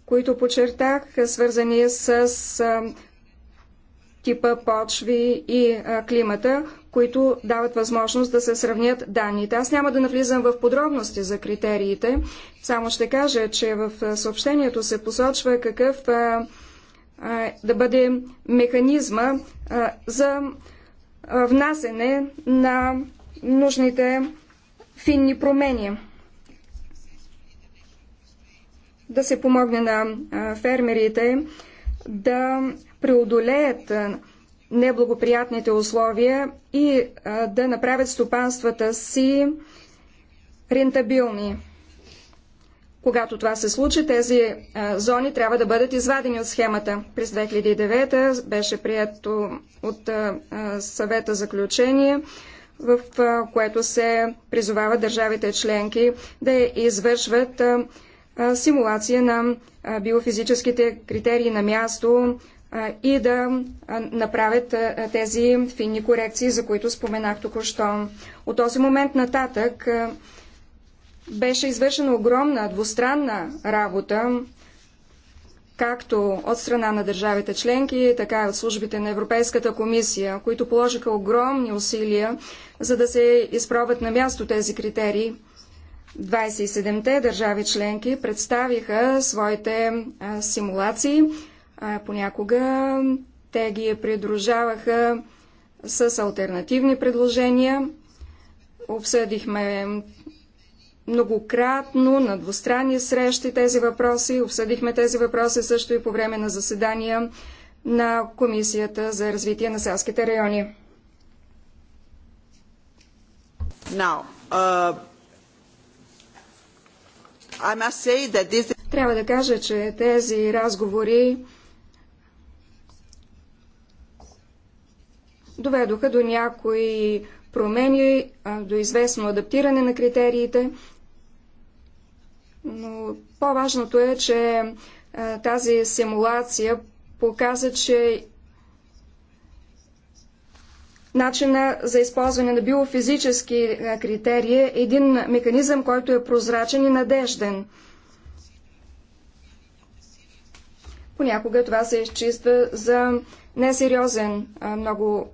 които подчертах, свързани с типа почви и климата, които дават възможност да се сравнят данните. Аз няма да навлизам в подробности за критериите, само ще кажа, че в съобщението се посочва какъв а, а, да бъде механизма а, за внасене на нужните финни промени. Да се помогне на фермерите да преодолеят неблагоприятните условия и да направят стопанствата си рентабилни. Когато това се случи, тези зони трябва да бъдат извадени от схемата. През 2009 беше прието от съвета заключение, в което се призовава държавите членки да извършват симулация на биофизическите критерии на място, и да направят тези финни корекции, за които споменах току-що. От този момент нататък беше извършена огромна двустранна работа, както от страна на държавите членки, така и от службите на Европейската комисия, които положиха огромни усилия, за да се изпробват на място тези критерии. 27-те държави членки представиха своите симулации, Понякога те ги придружаваха с альтернативни предложения. Обсъдихме многократно на двустранни срещи тези въпроси. Обсъдихме тези въпроси също и по време на заседания на Комисията за развитие на селските райони. Now, uh, this... Трябва да кажа, че тези разговори доведоха до някои промени, до известно адаптиране на критериите. Но по-важното е, че тази симулация показа, че начина за използване на биофизически критерии е един механизъм, който е прозрачен и надежден. Понякога това се изчиства за несериозен много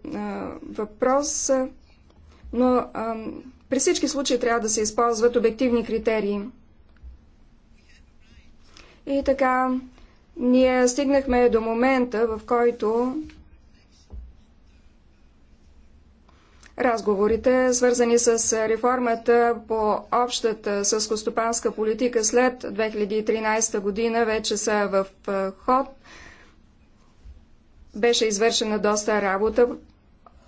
въпрос, но при всички случаи трябва да се използват обективни критерии. И така, ние стигнахме до момента, в който Разговорите, свързани с реформата по общата съскостопанска политика след 2013 година, вече са в ход. Беше извършена доста работа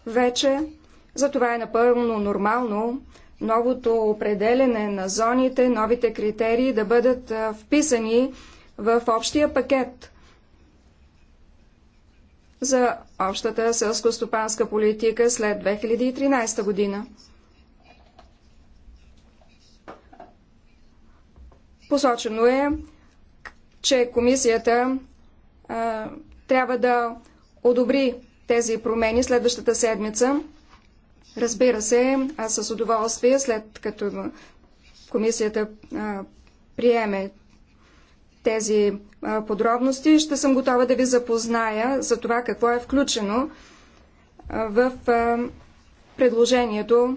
вече. Затова е напълно нормално новото определене на зоните, новите критерии да бъдат вписани в общия пакет за общата селско-стопанска политика след 2013 година. Посочено е, че комисията а, трябва да одобри тези промени следващата седмица. Разбира се, аз с удоволствие, след като комисията а, приеме тези подробности. Ще съм готова да ви запозная за това какво е включено в предложението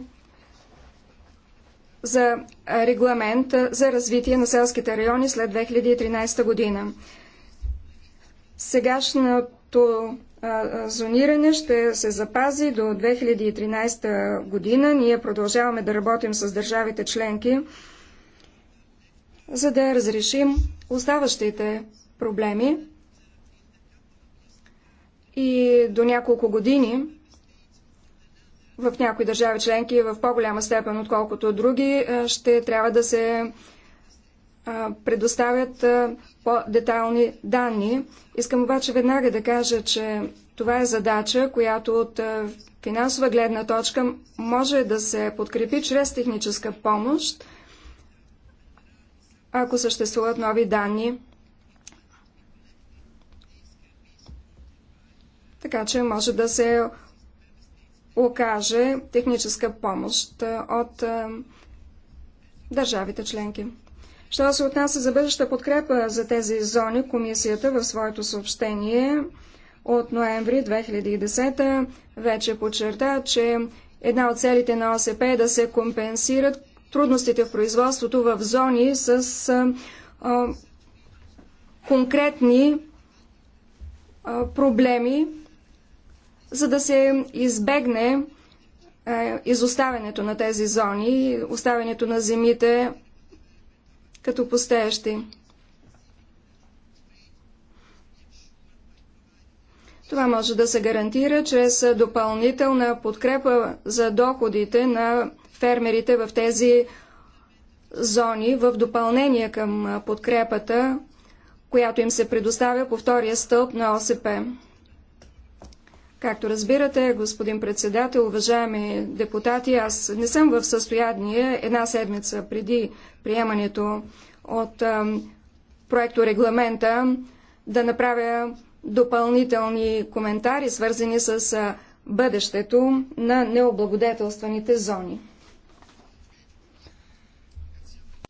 за регламент за развитие на селските райони след 2013 година. Сегашното зониране ще се запази до 2013 година. Ние продължаваме да работим с държавите членки за да разрешим оставащите проблеми. И до няколко години в някои държави членки в по-голяма степен, отколкото други, ще трябва да се предоставят по-детайлни данни. Искам обаче веднага да кажа, че това е задача, която от финансова гледна точка може да се подкрепи чрез техническа помощ – ако съществуват нови данни. Така че може да се окаже техническа помощ от държавите членки. Що се отнася за бъдеща подкрепа за тези зони, комисията в своето съобщение от ноември 2010 вече подчерта, че една от целите на ОСП е да се компенсират трудностите в производството в зони с а, конкретни а, проблеми, за да се избегне а, изоставянето на тези зони, оставянето на земите като постеещи. Това може да се гарантира чрез допълнителна подкрепа за доходите на фермерите в тези зони в допълнение към подкрепата, която им се предоставя по втория стълб на ОСП. Както разбирате, господин председател, уважаеми депутати, аз не съм в състояние една седмица преди приемането от проекто регламента да направя допълнителни коментари, свързани с бъдещето на необлагодетелстваните зони.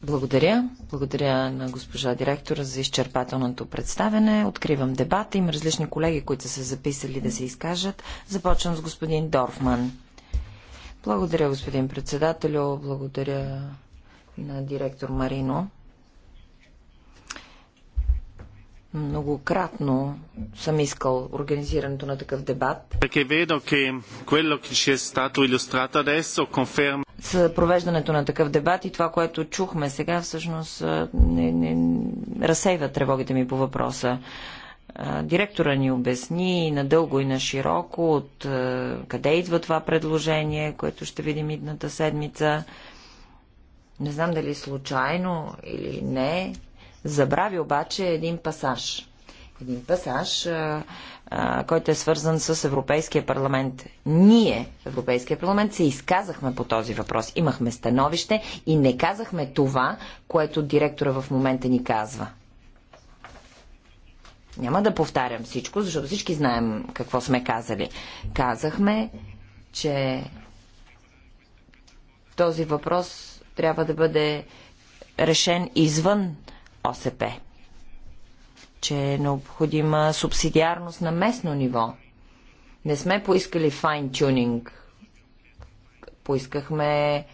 Благодаря. Благодаря на госпожа директора за изчерпателното представене. Откривам дебата. Има различни колеги, които са записали да се изкажат. Започвам с господин Дорфман. Благодаря, господин председателю. Благодаря на директор Марино. Многократно съм искал организирането на такъв дебат. С провеждането на такъв дебат и това, което чухме сега, всъщност не, не, разсейва тревогите ми по въпроса. Директора ни обясни надълго и на широко от къде идва това предложение, което ще видим идната седмица. Не знам дали случайно или не, Забрави обаче един пасаж. Един пасаж, а, а, който е свързан с Европейския парламент. Ние, Европейския парламент, се изказахме по този въпрос. Имахме становище и не казахме това, което директора в момента ни казва. Няма да повтарям всичко, защото всички знаем какво сме казали. Казахме, че този въпрос трябва да бъде решен извън ОСП, че е необходима субсидиарност на местно ниво. Не сме поискали файн-тюнинг. Поискахме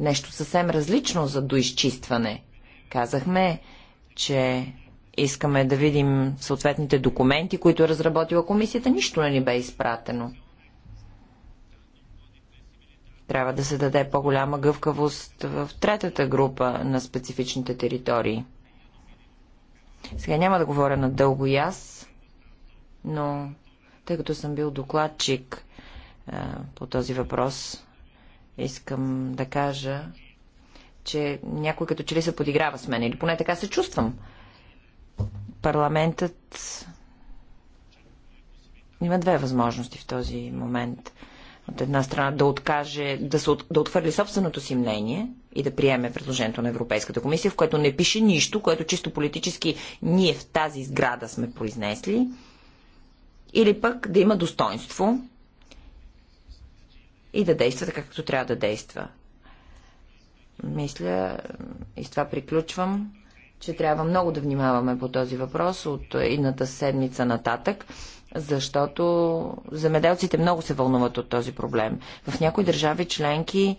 нещо съвсем различно за доизчистване. Казахме, че искаме да видим съответните документи, които е разработила комисията. Нищо не ни бе изпратено. Трябва да се даде по-голяма гъвкавост в третата група на специфичните територии – сега няма да говоря на дълго и аз, но тъй като съм бил докладчик а, по този въпрос, искам да кажа, че някой като че ли се подиграва с мен, или поне така се чувствам. Парламентът има две възможности в този момент – от една страна да откаже, да, се, да отвърли собственото си мнение и да приеме предложението на Европейската комисия, в което не пише нищо, което чисто политически ние в тази сграда сме произнесли, или пък да има достоинство и да действа така, както трябва да действа. Мисля, и с това приключвам, че трябва много да внимаваме по този въпрос от едната седмица нататък, защото земеделците много се вълнуват от този проблем. В някои държави членки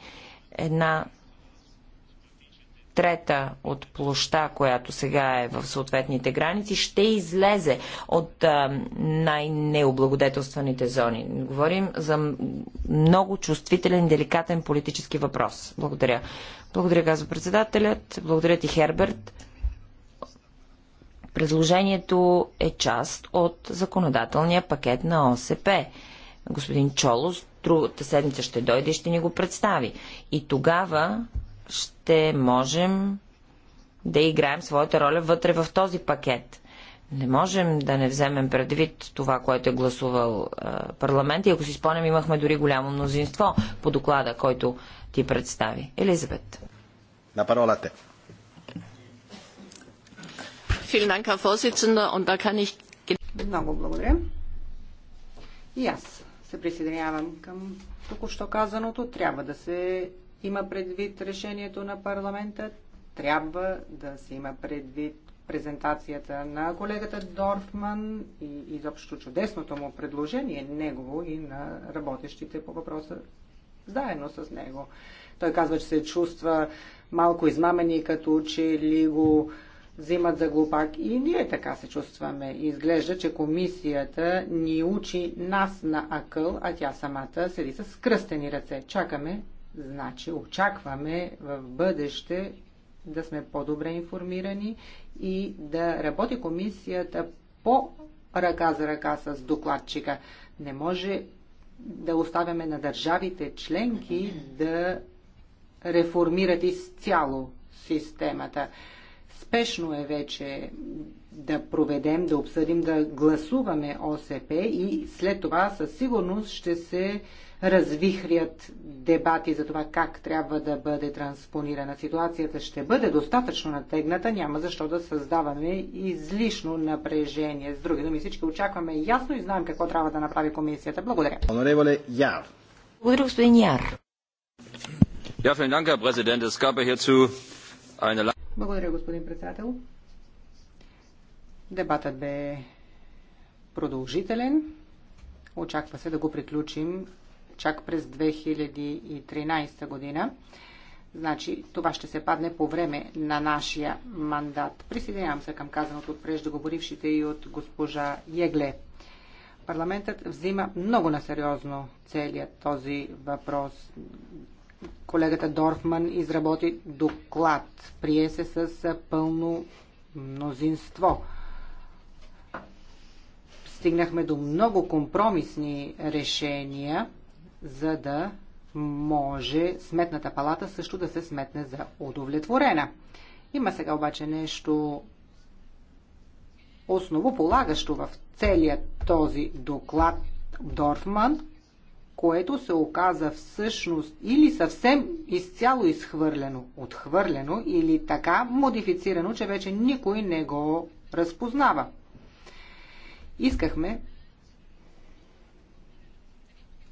една трета от площа, която сега е в съответните граници, ще излезе от най-необлагодетелстваните зони. Говорим за много чувствителен, деликатен политически въпрос. Благодаря. Благодаря, казва председателят. Благодаря ти, Херберт. Предложението е част от законодателния пакет на ОСП. Господин Чолос другата седмица ще дойде и ще ни го представи. И тогава ще можем да играем своята роля вътре в този пакет. Не можем да не вземем предвид това, което е гласувал парламент и ако си спомням, имахме дори голямо мнозинство по доклада, който ти представи. Елизабет. На паролата. Много благодаря. И аз се присъединявам към току-що казаното. Трябва да се има предвид решението на парламента, трябва да се има предвид презентацията на колегата Дорфман и изобщо чудесното му предложение, негово и на работещите по въпроса заедно с него. Той казва, че се чувства малко измамен и като че ли го взимат за глупак и ние така се чувстваме. Изглежда, че комисията ни учи нас на акъл, а тя самата седи с кръстени ръце. Чакаме, значи очакваме в бъдеще да сме по-добре информирани и да работи комисията по ръка за ръка с докладчика. Не може да оставяме на държавите членки да реформират изцяло системата. Спешно е вече да проведем, да обсъдим, да гласуваме ОСП и след това със сигурност ще се развихрят дебати за това как трябва да бъде транспонирана ситуацията, ще бъде достатъчно натегната, няма защо да създаваме излишно напрежение. С други думи, всички очакваме ясно и знаем какво трябва да направи комисията. Благодаря. Благодаря, господин Яр. Ja, vielen Dank, Herr Präsident. Es gab hierzu eine благодаря, господин председател. Дебатът бе продължителен. Очаква се да го приключим чак през 2013 година. Значи това ще се падне по време на нашия мандат. Присъединявам се към казаното от преждеговорившите и от госпожа Егле. Парламентът взима много на сериозно целият този въпрос колегата Дорфман изработи доклад. Прие се с пълно мнозинство. Стигнахме до много компромисни решения, за да може Сметната палата също да се сметне за удовлетворена. Има сега обаче нещо основополагащо в целият този доклад Дорфман, което се оказа всъщност или съвсем изцяло изхвърлено, отхвърлено или така модифицирано, че вече никой не го разпознава. Искахме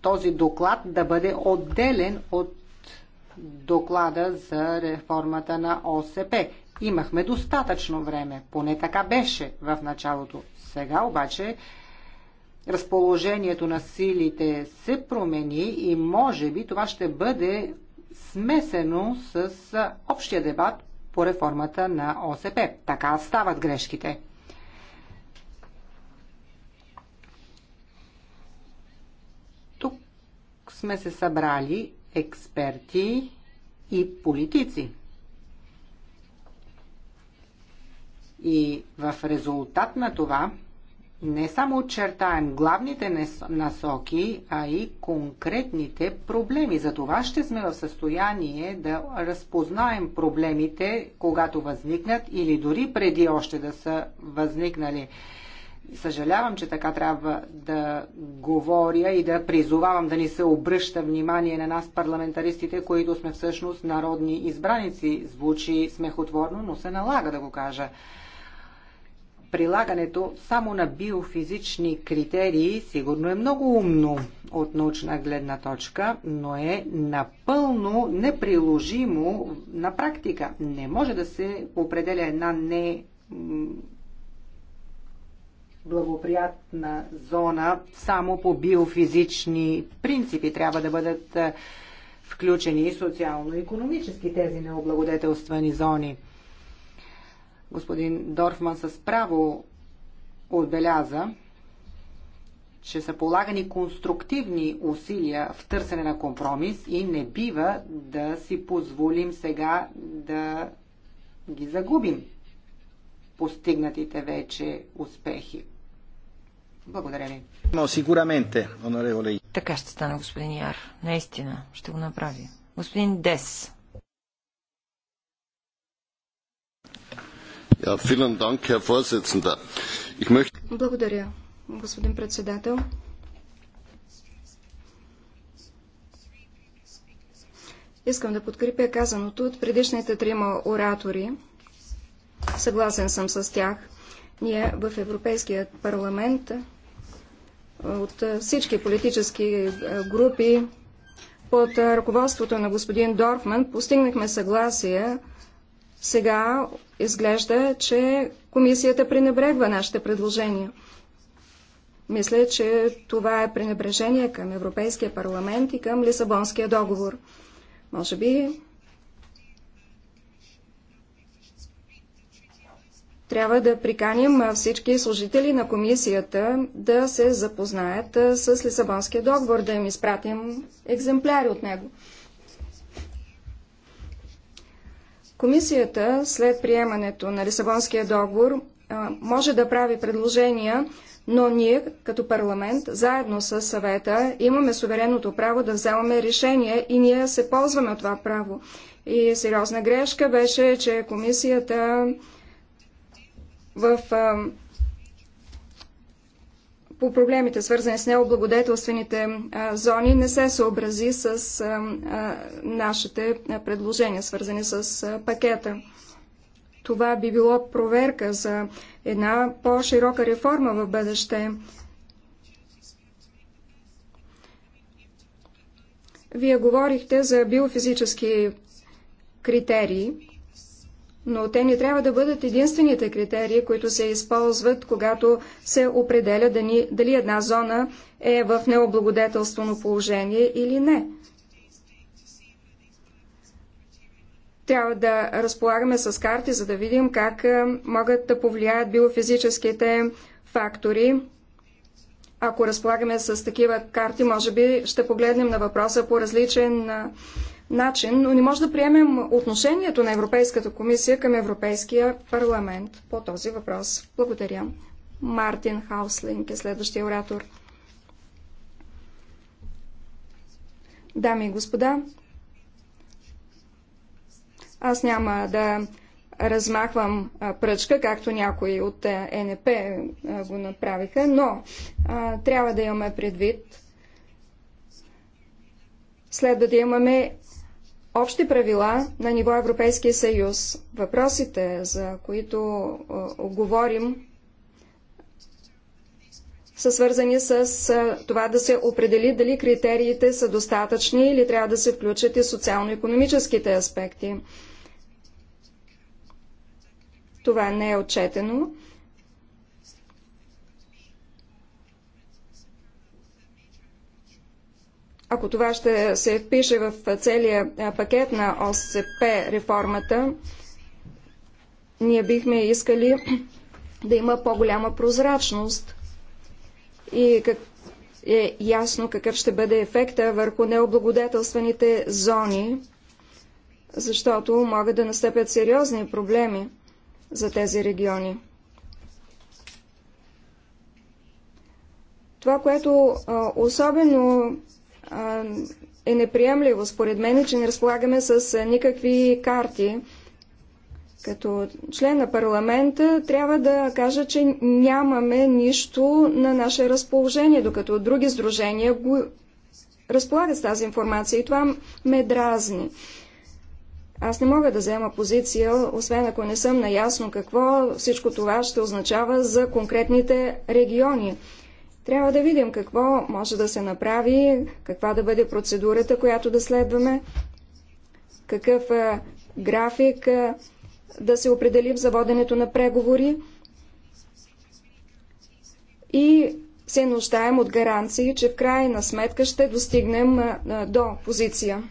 този доклад да бъде отделен от доклада за реформата на ОСП. Имахме достатъчно време, поне така беше в началото. Сега обаче разположението на силите се промени и може би това ще бъде смесено с общия дебат по реформата на ОСП. Така стават грешките. Тук сме се събрали експерти и политици. И в резултат на това не само очертаем главните насоки, а и конкретните проблеми. За това ще сме в състояние да разпознаем проблемите, когато възникнат или дори преди още да са възникнали. Съжалявам, че така трябва да говоря и да призовавам да ни се обръща внимание на нас парламентаристите, които сме всъщност народни избраници. Звучи смехотворно, но се налага да го кажа прилагането само на биофизични критерии сигурно е много умно от научна гледна точка, но е напълно неприложимо на практика. Не може да се определя една не благоприятна зона само по биофизични принципи. Трябва да бъдат е, включени и социално-економически тези необлагодетелствани зони. Господин Дорфман с право отбеляза, че са полагани конструктивни усилия в търсене на компромис и не бива да си позволим сега да ги загубим постигнатите вече успехи. Благодаря ви. Но, сигураменте, онореволе. Така ще стане, господин Яр. Наистина, ще го направи. Господин Дес. Благодаря, господин председател. Искам да подкрепя казаното от предишните трима оратори. Съгласен съм с тях. Ние в Европейския парламент от всички политически групи под ръководството на господин Дорфман постигнахме съгласие сега изглежда, че комисията пренебрегва нашите предложения. Мисля, че това е пренебрежение към Европейския парламент и към Лисабонския договор. Може би трябва да приканим всички служители на комисията да се запознаят с Лисабонския договор, да им изпратим екземпляри от него. Комисията след приемането на Лисабонския договор може да прави предложения, но ние като парламент, заедно с съвета, имаме суверенното право да вземаме решение и ние се ползваме от това право. И сериозна грешка беше, че комисията в по проблемите, свързани с необлагодетелствените зони, не се съобрази с нашите предложения, свързани с пакета. Това би било проверка за една по-широка реформа в бъдеще. Вие говорихте за биофизически критерии но те не трябва да бъдат единствените критерии, които се използват, когато се определя дали, дали една зона е в необлагодетелствено положение или не. Трябва да разполагаме с карти, за да видим как могат да повлияят биофизическите фактори. Ако разполагаме с такива карти, може би ще погледнем на въпроса по различен начин, но не може да приемем отношението на Европейската комисия към Европейския парламент по този въпрос. Благодаря. Мартин Хауслинг е следващия оратор. Дами и господа, аз няма да размахвам пръчка, както някои от НП го направиха, но а, трябва да имаме предвид, следва да имаме общи правила на ниво Европейския съюз. Въпросите, за които говорим, са свързани с това да се определи дали критериите са достатъчни или трябва да се включат и социално-економическите аспекти. Това не е отчетено. Ако това ще се впише в целия пакет на ОСП реформата, ние бихме искали да има по-голяма прозрачност и как е ясно какъв ще бъде ефекта върху необлагодетелстваните зони, защото могат да настъпят сериозни проблеми за тези региони. Това, което особено е неприемливо. Според мен, че не разполагаме с никакви карти. Като член на парламента трябва да кажа, че нямаме нищо на наше разположение, докато други сдружения го разполагат с тази информация и това ме дразни. Аз не мога да взема позиция, освен ако не съм наясно какво всичко това ще означава за конкретните региони. Трябва да видим какво може да се направи, каква да бъде процедурата, която да следваме, какъв график да се определим за воденето на преговори и се нуждаем от гаранции, че в крайна сметка ще достигнем до позиция.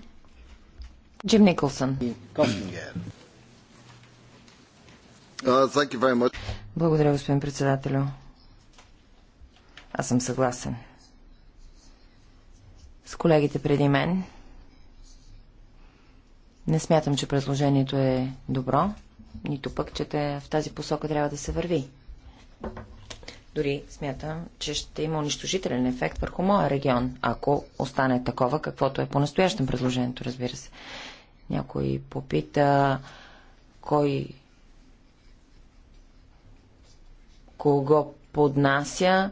Джим Николсън. Uh, Благодаря, господин председателю. Аз съм съгласен. С колегите преди мен не смятам, че предложението е добро, нито пък, че те в тази посока трябва да се върви. Дори смятам, че ще има унищожителен ефект върху моя регион, ако остане такова, каквото е по-настоящем предложението, разбира се. Някой попита кой кого поднася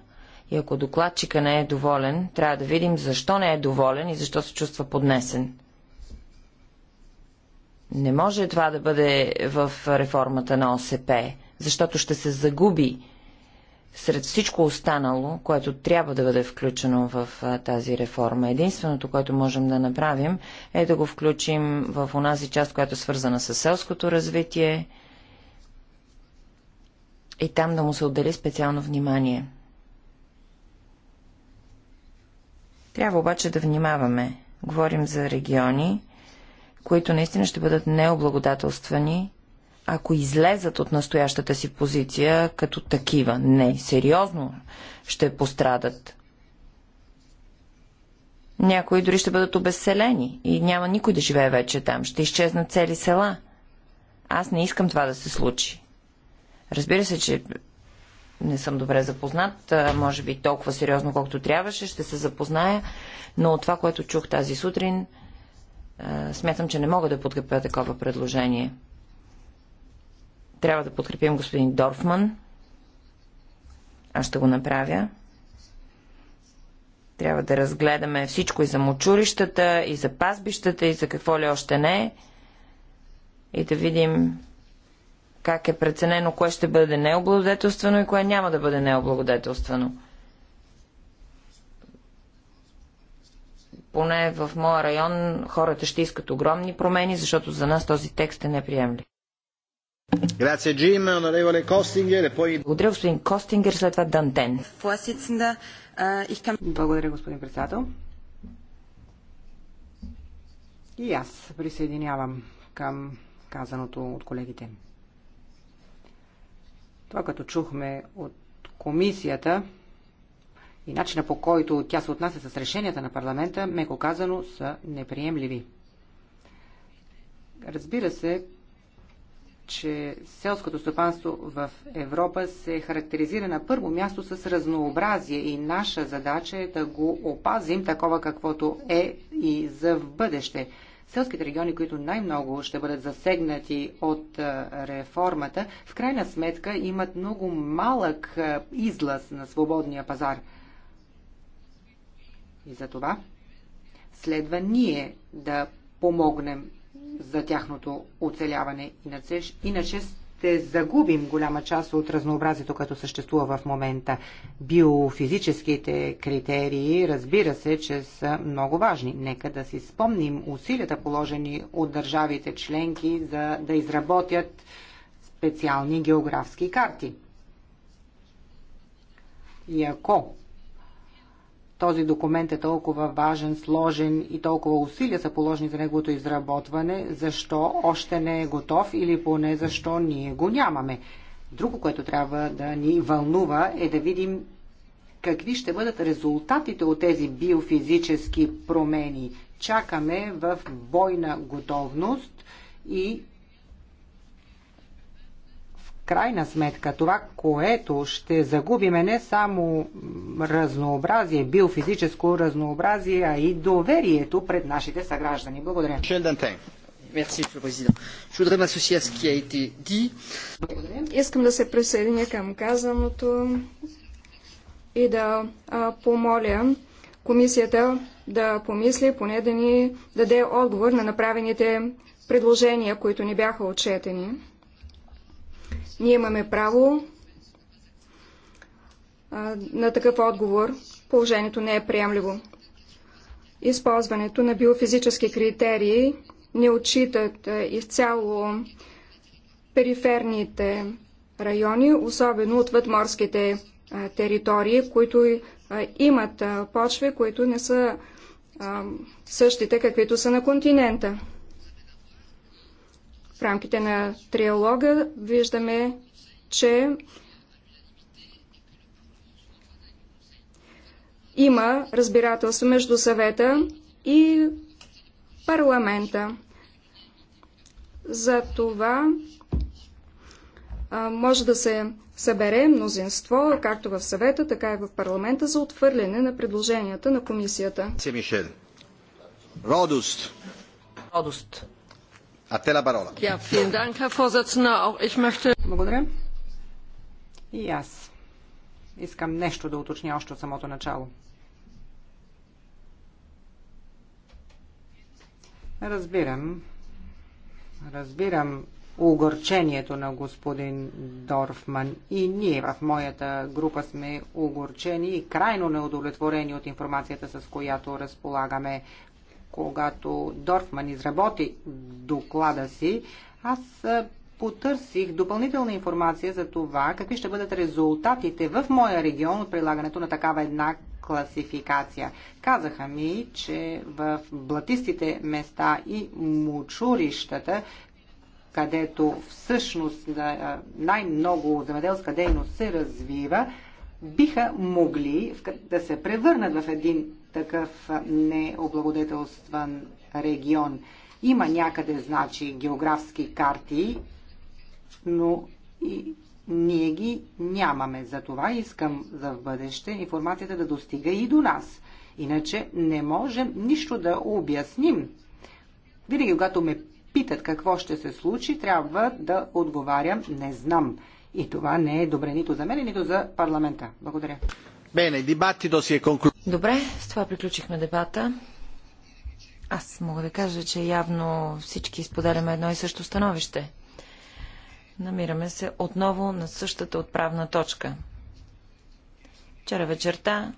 и ако докладчика не е доволен, трябва да видим защо не е доволен и защо се чувства поднесен. Не може това да бъде в реформата на ОСП, защото ще се загуби сред всичко останало, което трябва да бъде включено в тази реформа. Единственото, което можем да направим, е да го включим в онази част, която е свързана с селското развитие и там да му се отдели специално внимание. Трябва обаче да внимаваме. Говорим за региони, които наистина ще бъдат необлагодателствани, ако излезат от настоящата си позиция като такива. Не, сериозно ще пострадат. Някои дори ще бъдат обезселени и няма никой да живее вече там. Ще изчезнат цели села. Аз не искам това да се случи. Разбира се, че не съм добре запознат, може би толкова сериозно, колкото трябваше, ще се запозная, но от това, което чух тази сутрин, смятам, че не мога да подкрепя такова предложение. Трябва да подкрепим господин Дорфман. Аз ще го направя. Трябва да разгледаме всичко и за мочурищата, и за пазбищата, и за какво ли още не. И да видим как е преценено кое ще бъде необлагодетелствано и кое няма да бъде необлагодетелствано. Поне в моя район хората ще искат огромни промени, защото за нас този текст е неприемлив. E Благодаря, господин Костингер, след това Дантен. Благодаря, господин председател. И аз присъединявам към казаното от колегите. Това като чухме от комисията и начина по който тя се отнася с решенията на парламента, меко казано, са неприемливи. Разбира се, че селското стопанство в Европа се характеризира на първо място с разнообразие и наша задача е да го опазим такова каквото е и за в бъдеще селските региони, които най-много ще бъдат засегнати от реформата, в крайна сметка имат много малък излаз на свободния пазар. И за това следва ние да помогнем за тяхното оцеляване. Иначе, иначе ще загубим голяма част от разнообразието, като съществува в момента. Биофизическите критерии, разбира се, че са много важни. Нека да си спомним усилията положени от държавите членки за да изработят специални географски карти. И ако този документ е толкова важен, сложен и толкова усилия са положени за неговото изработване, защо още не е готов или поне защо ние го нямаме. Друго, което трябва да ни вълнува е да видим какви ще бъдат резултатите от тези биофизически промени. Чакаме в бойна готовност и крайна сметка това, което ще загубим не само разнообразие, биофизическо разнообразие, а и доверието пред нашите съграждани. Благодаря. Искам да се присъединя към казаното и да помоля комисията да помисли, поне да ни даде отговор на направените предложения, които ни бяха отчетени. Ние имаме право на такъв отговор. Положението не е приемливо. Използването на биофизически критерии не отчитат изцяло периферните райони, особено отвъд морските територии, които имат почви, които не са същите, каквито са на континента. В рамките на триалога виждаме, че има разбирателство между съвета и парламента. За това може да се събере мнозинство, както в съвета, така и в парламента, за отвърляне на предложенията на комисията. Радост. Радост. Благодаря. И аз искам нещо да уточня още от самото начало. Разбирам. Разбирам огорчението на господин Дорфман. И ние в моята група сме огорчени и крайно неудовлетворени от информацията, с която разполагаме когато Дорфман изработи доклада си, аз потърсих допълнителна информация за това какви ще бъдат резултатите в моя регион от прилагането на такава една класификация. Казаха ми, че в блатистите места и мучурищата, където всъщност най-много земеделска дейност се развива, биха могли да се превърнат в един такъв необлагодетелстван регион. Има някъде, значи, географски карти, но и ние ги нямаме. Затова искам за в бъдеще информацията да достига и до нас. Иначе не можем нищо да обясним. Винаги, когато ме питат какво ще се случи, трябва да отговарям не знам. И това не е добре нито за мен, нито за парламента. Благодаря. Добре, с това приключихме дебата. Аз мога да кажа, че явно всички споделяме едно и също становище. Намираме се отново на същата отправна точка. Вчера вечерта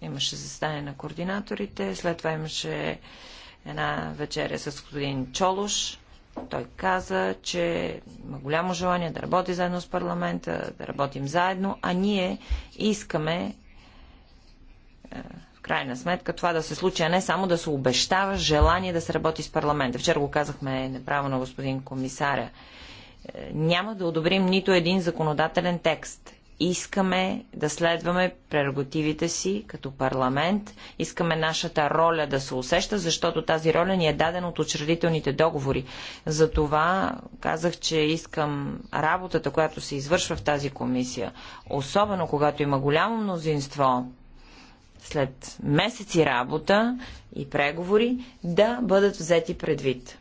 имаше застане на координаторите, след това имаше една вечеря с господин Чолош. Той каза, че има голямо желание да работи заедно с парламента, да работим заедно, а ние искаме е, в крайна сметка това да се случи, а не само да се обещава желание да се работи с парламента. Вчера го казахме направо на господин комисаря. Е, няма да одобрим нито един законодателен текст искаме да следваме прерогативите си като парламент, искаме нашата роля да се усеща, защото тази роля ни е дадена от учредителните договори. Затова казах, че искам работата, която се извършва в тази комисия, особено когато има голямо мнозинство, след месеци работа и преговори, да бъдат взети предвид.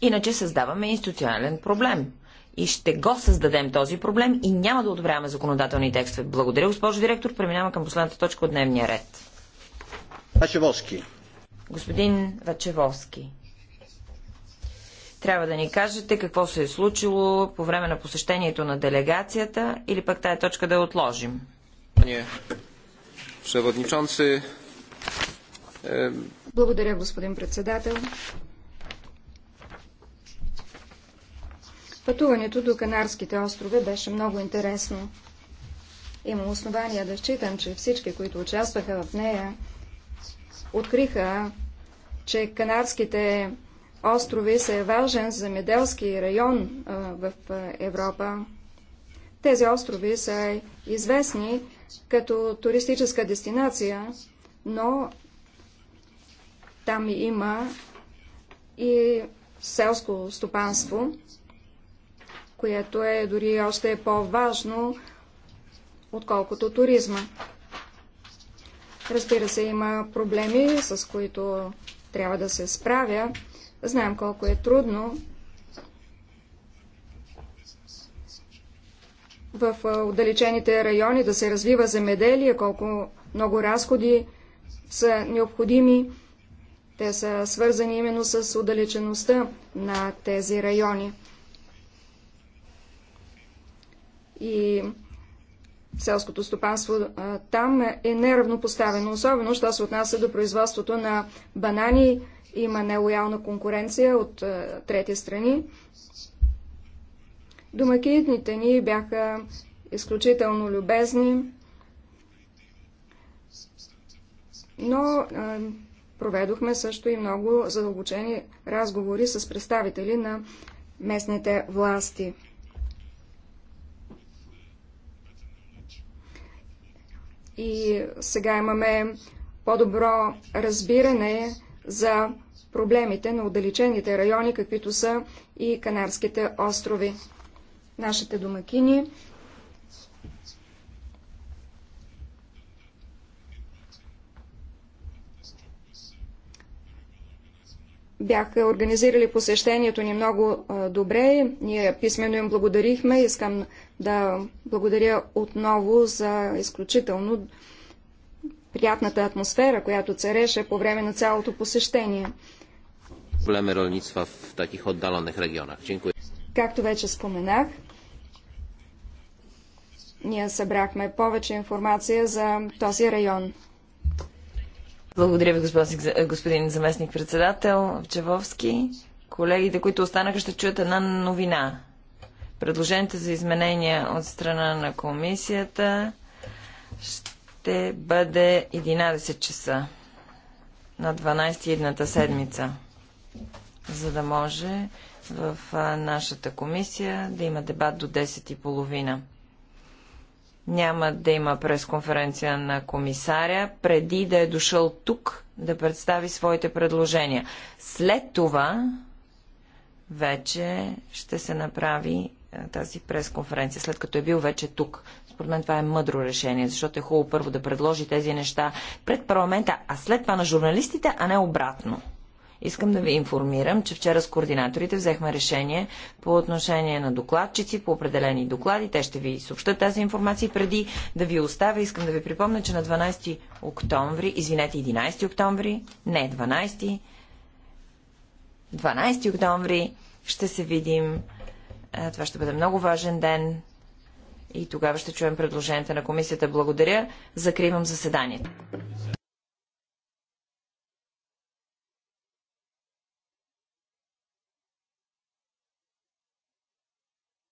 Иначе създаваме институционален проблем и ще го създадем този проблем и няма да одобряваме законодателни текстове. Благодаря, госпожо директор. Преминаваме към последната точка от дневния ред. Вачеволски. Господин Вачеволски. Трябва да ни кажете какво се е случило по време на посещението на делегацията или пък тая точка да я отложим. Е, Благодаря, господин председател. Пътуването до Канарските острови беше много интересно. Имам основания да считам, че всички, които участваха в нея, откриха, че Канарските острови са важен земеделски район а, в Европа. Тези острови са известни като туристическа дестинация, но там има и селско стопанство което е дори още по-важно, отколкото туризма. Разбира се, има проблеми, с които трябва да се справя. Знаем колко е трудно в отдалечените райони да се развива земеделие, колко много разходи са необходими. Те са свързани именно с отдалечеността на тези райони и селското стопанство там е неравнопоставено, особено що се отнася до производството на банани. Има нелоялна конкуренция от трети страни. Домакините ни бяха изключително любезни, но проведохме също и много задълбочени разговори с представители на местните власти. и сега имаме по-добро разбиране за проблемите на отдалечените райони, каквито са и Канарските острови. Нашите домакини бяха организирали посещението ни много добре. Ние писменно им благодарихме. Искам да благодаря отново за изключително приятната атмосфера, която цареше по време на цялото посещение. ролництва в таких отдалених регионах. Както вече споменах, ние събрахме повече информация за този район. Благодаря ви, господин заместник-председател Чавовски. Колегите, които останаха, ще чуят една новина. Предложението за изменения от страна на комисията ще бъде 11 часа на 12 едната седмица, за да може в нашата комисия да има дебат до 10.30. Няма да има пресконференция на комисаря, преди да е дошъл тук да представи своите предложения. След това вече ще се направи е, тази пресконференция, след като е бил вече тук. Според мен това е мъдро решение, защото е хубаво първо да предложи тези неща пред парламента, а след това на журналистите, а не обратно. Искам да ви информирам, че вчера с координаторите взехме решение по отношение на докладчици, по определени доклади. Те ще ви съобщат тази информация. преди да ви оставя, искам да ви припомня, че на 12 октомври, извинете, 11 октомври, не 12, 12 октомври ще се видим. Е, това ще бъде много важен ден и тогава ще чуем предложенията на комисията. Благодаря. Закривам заседанието.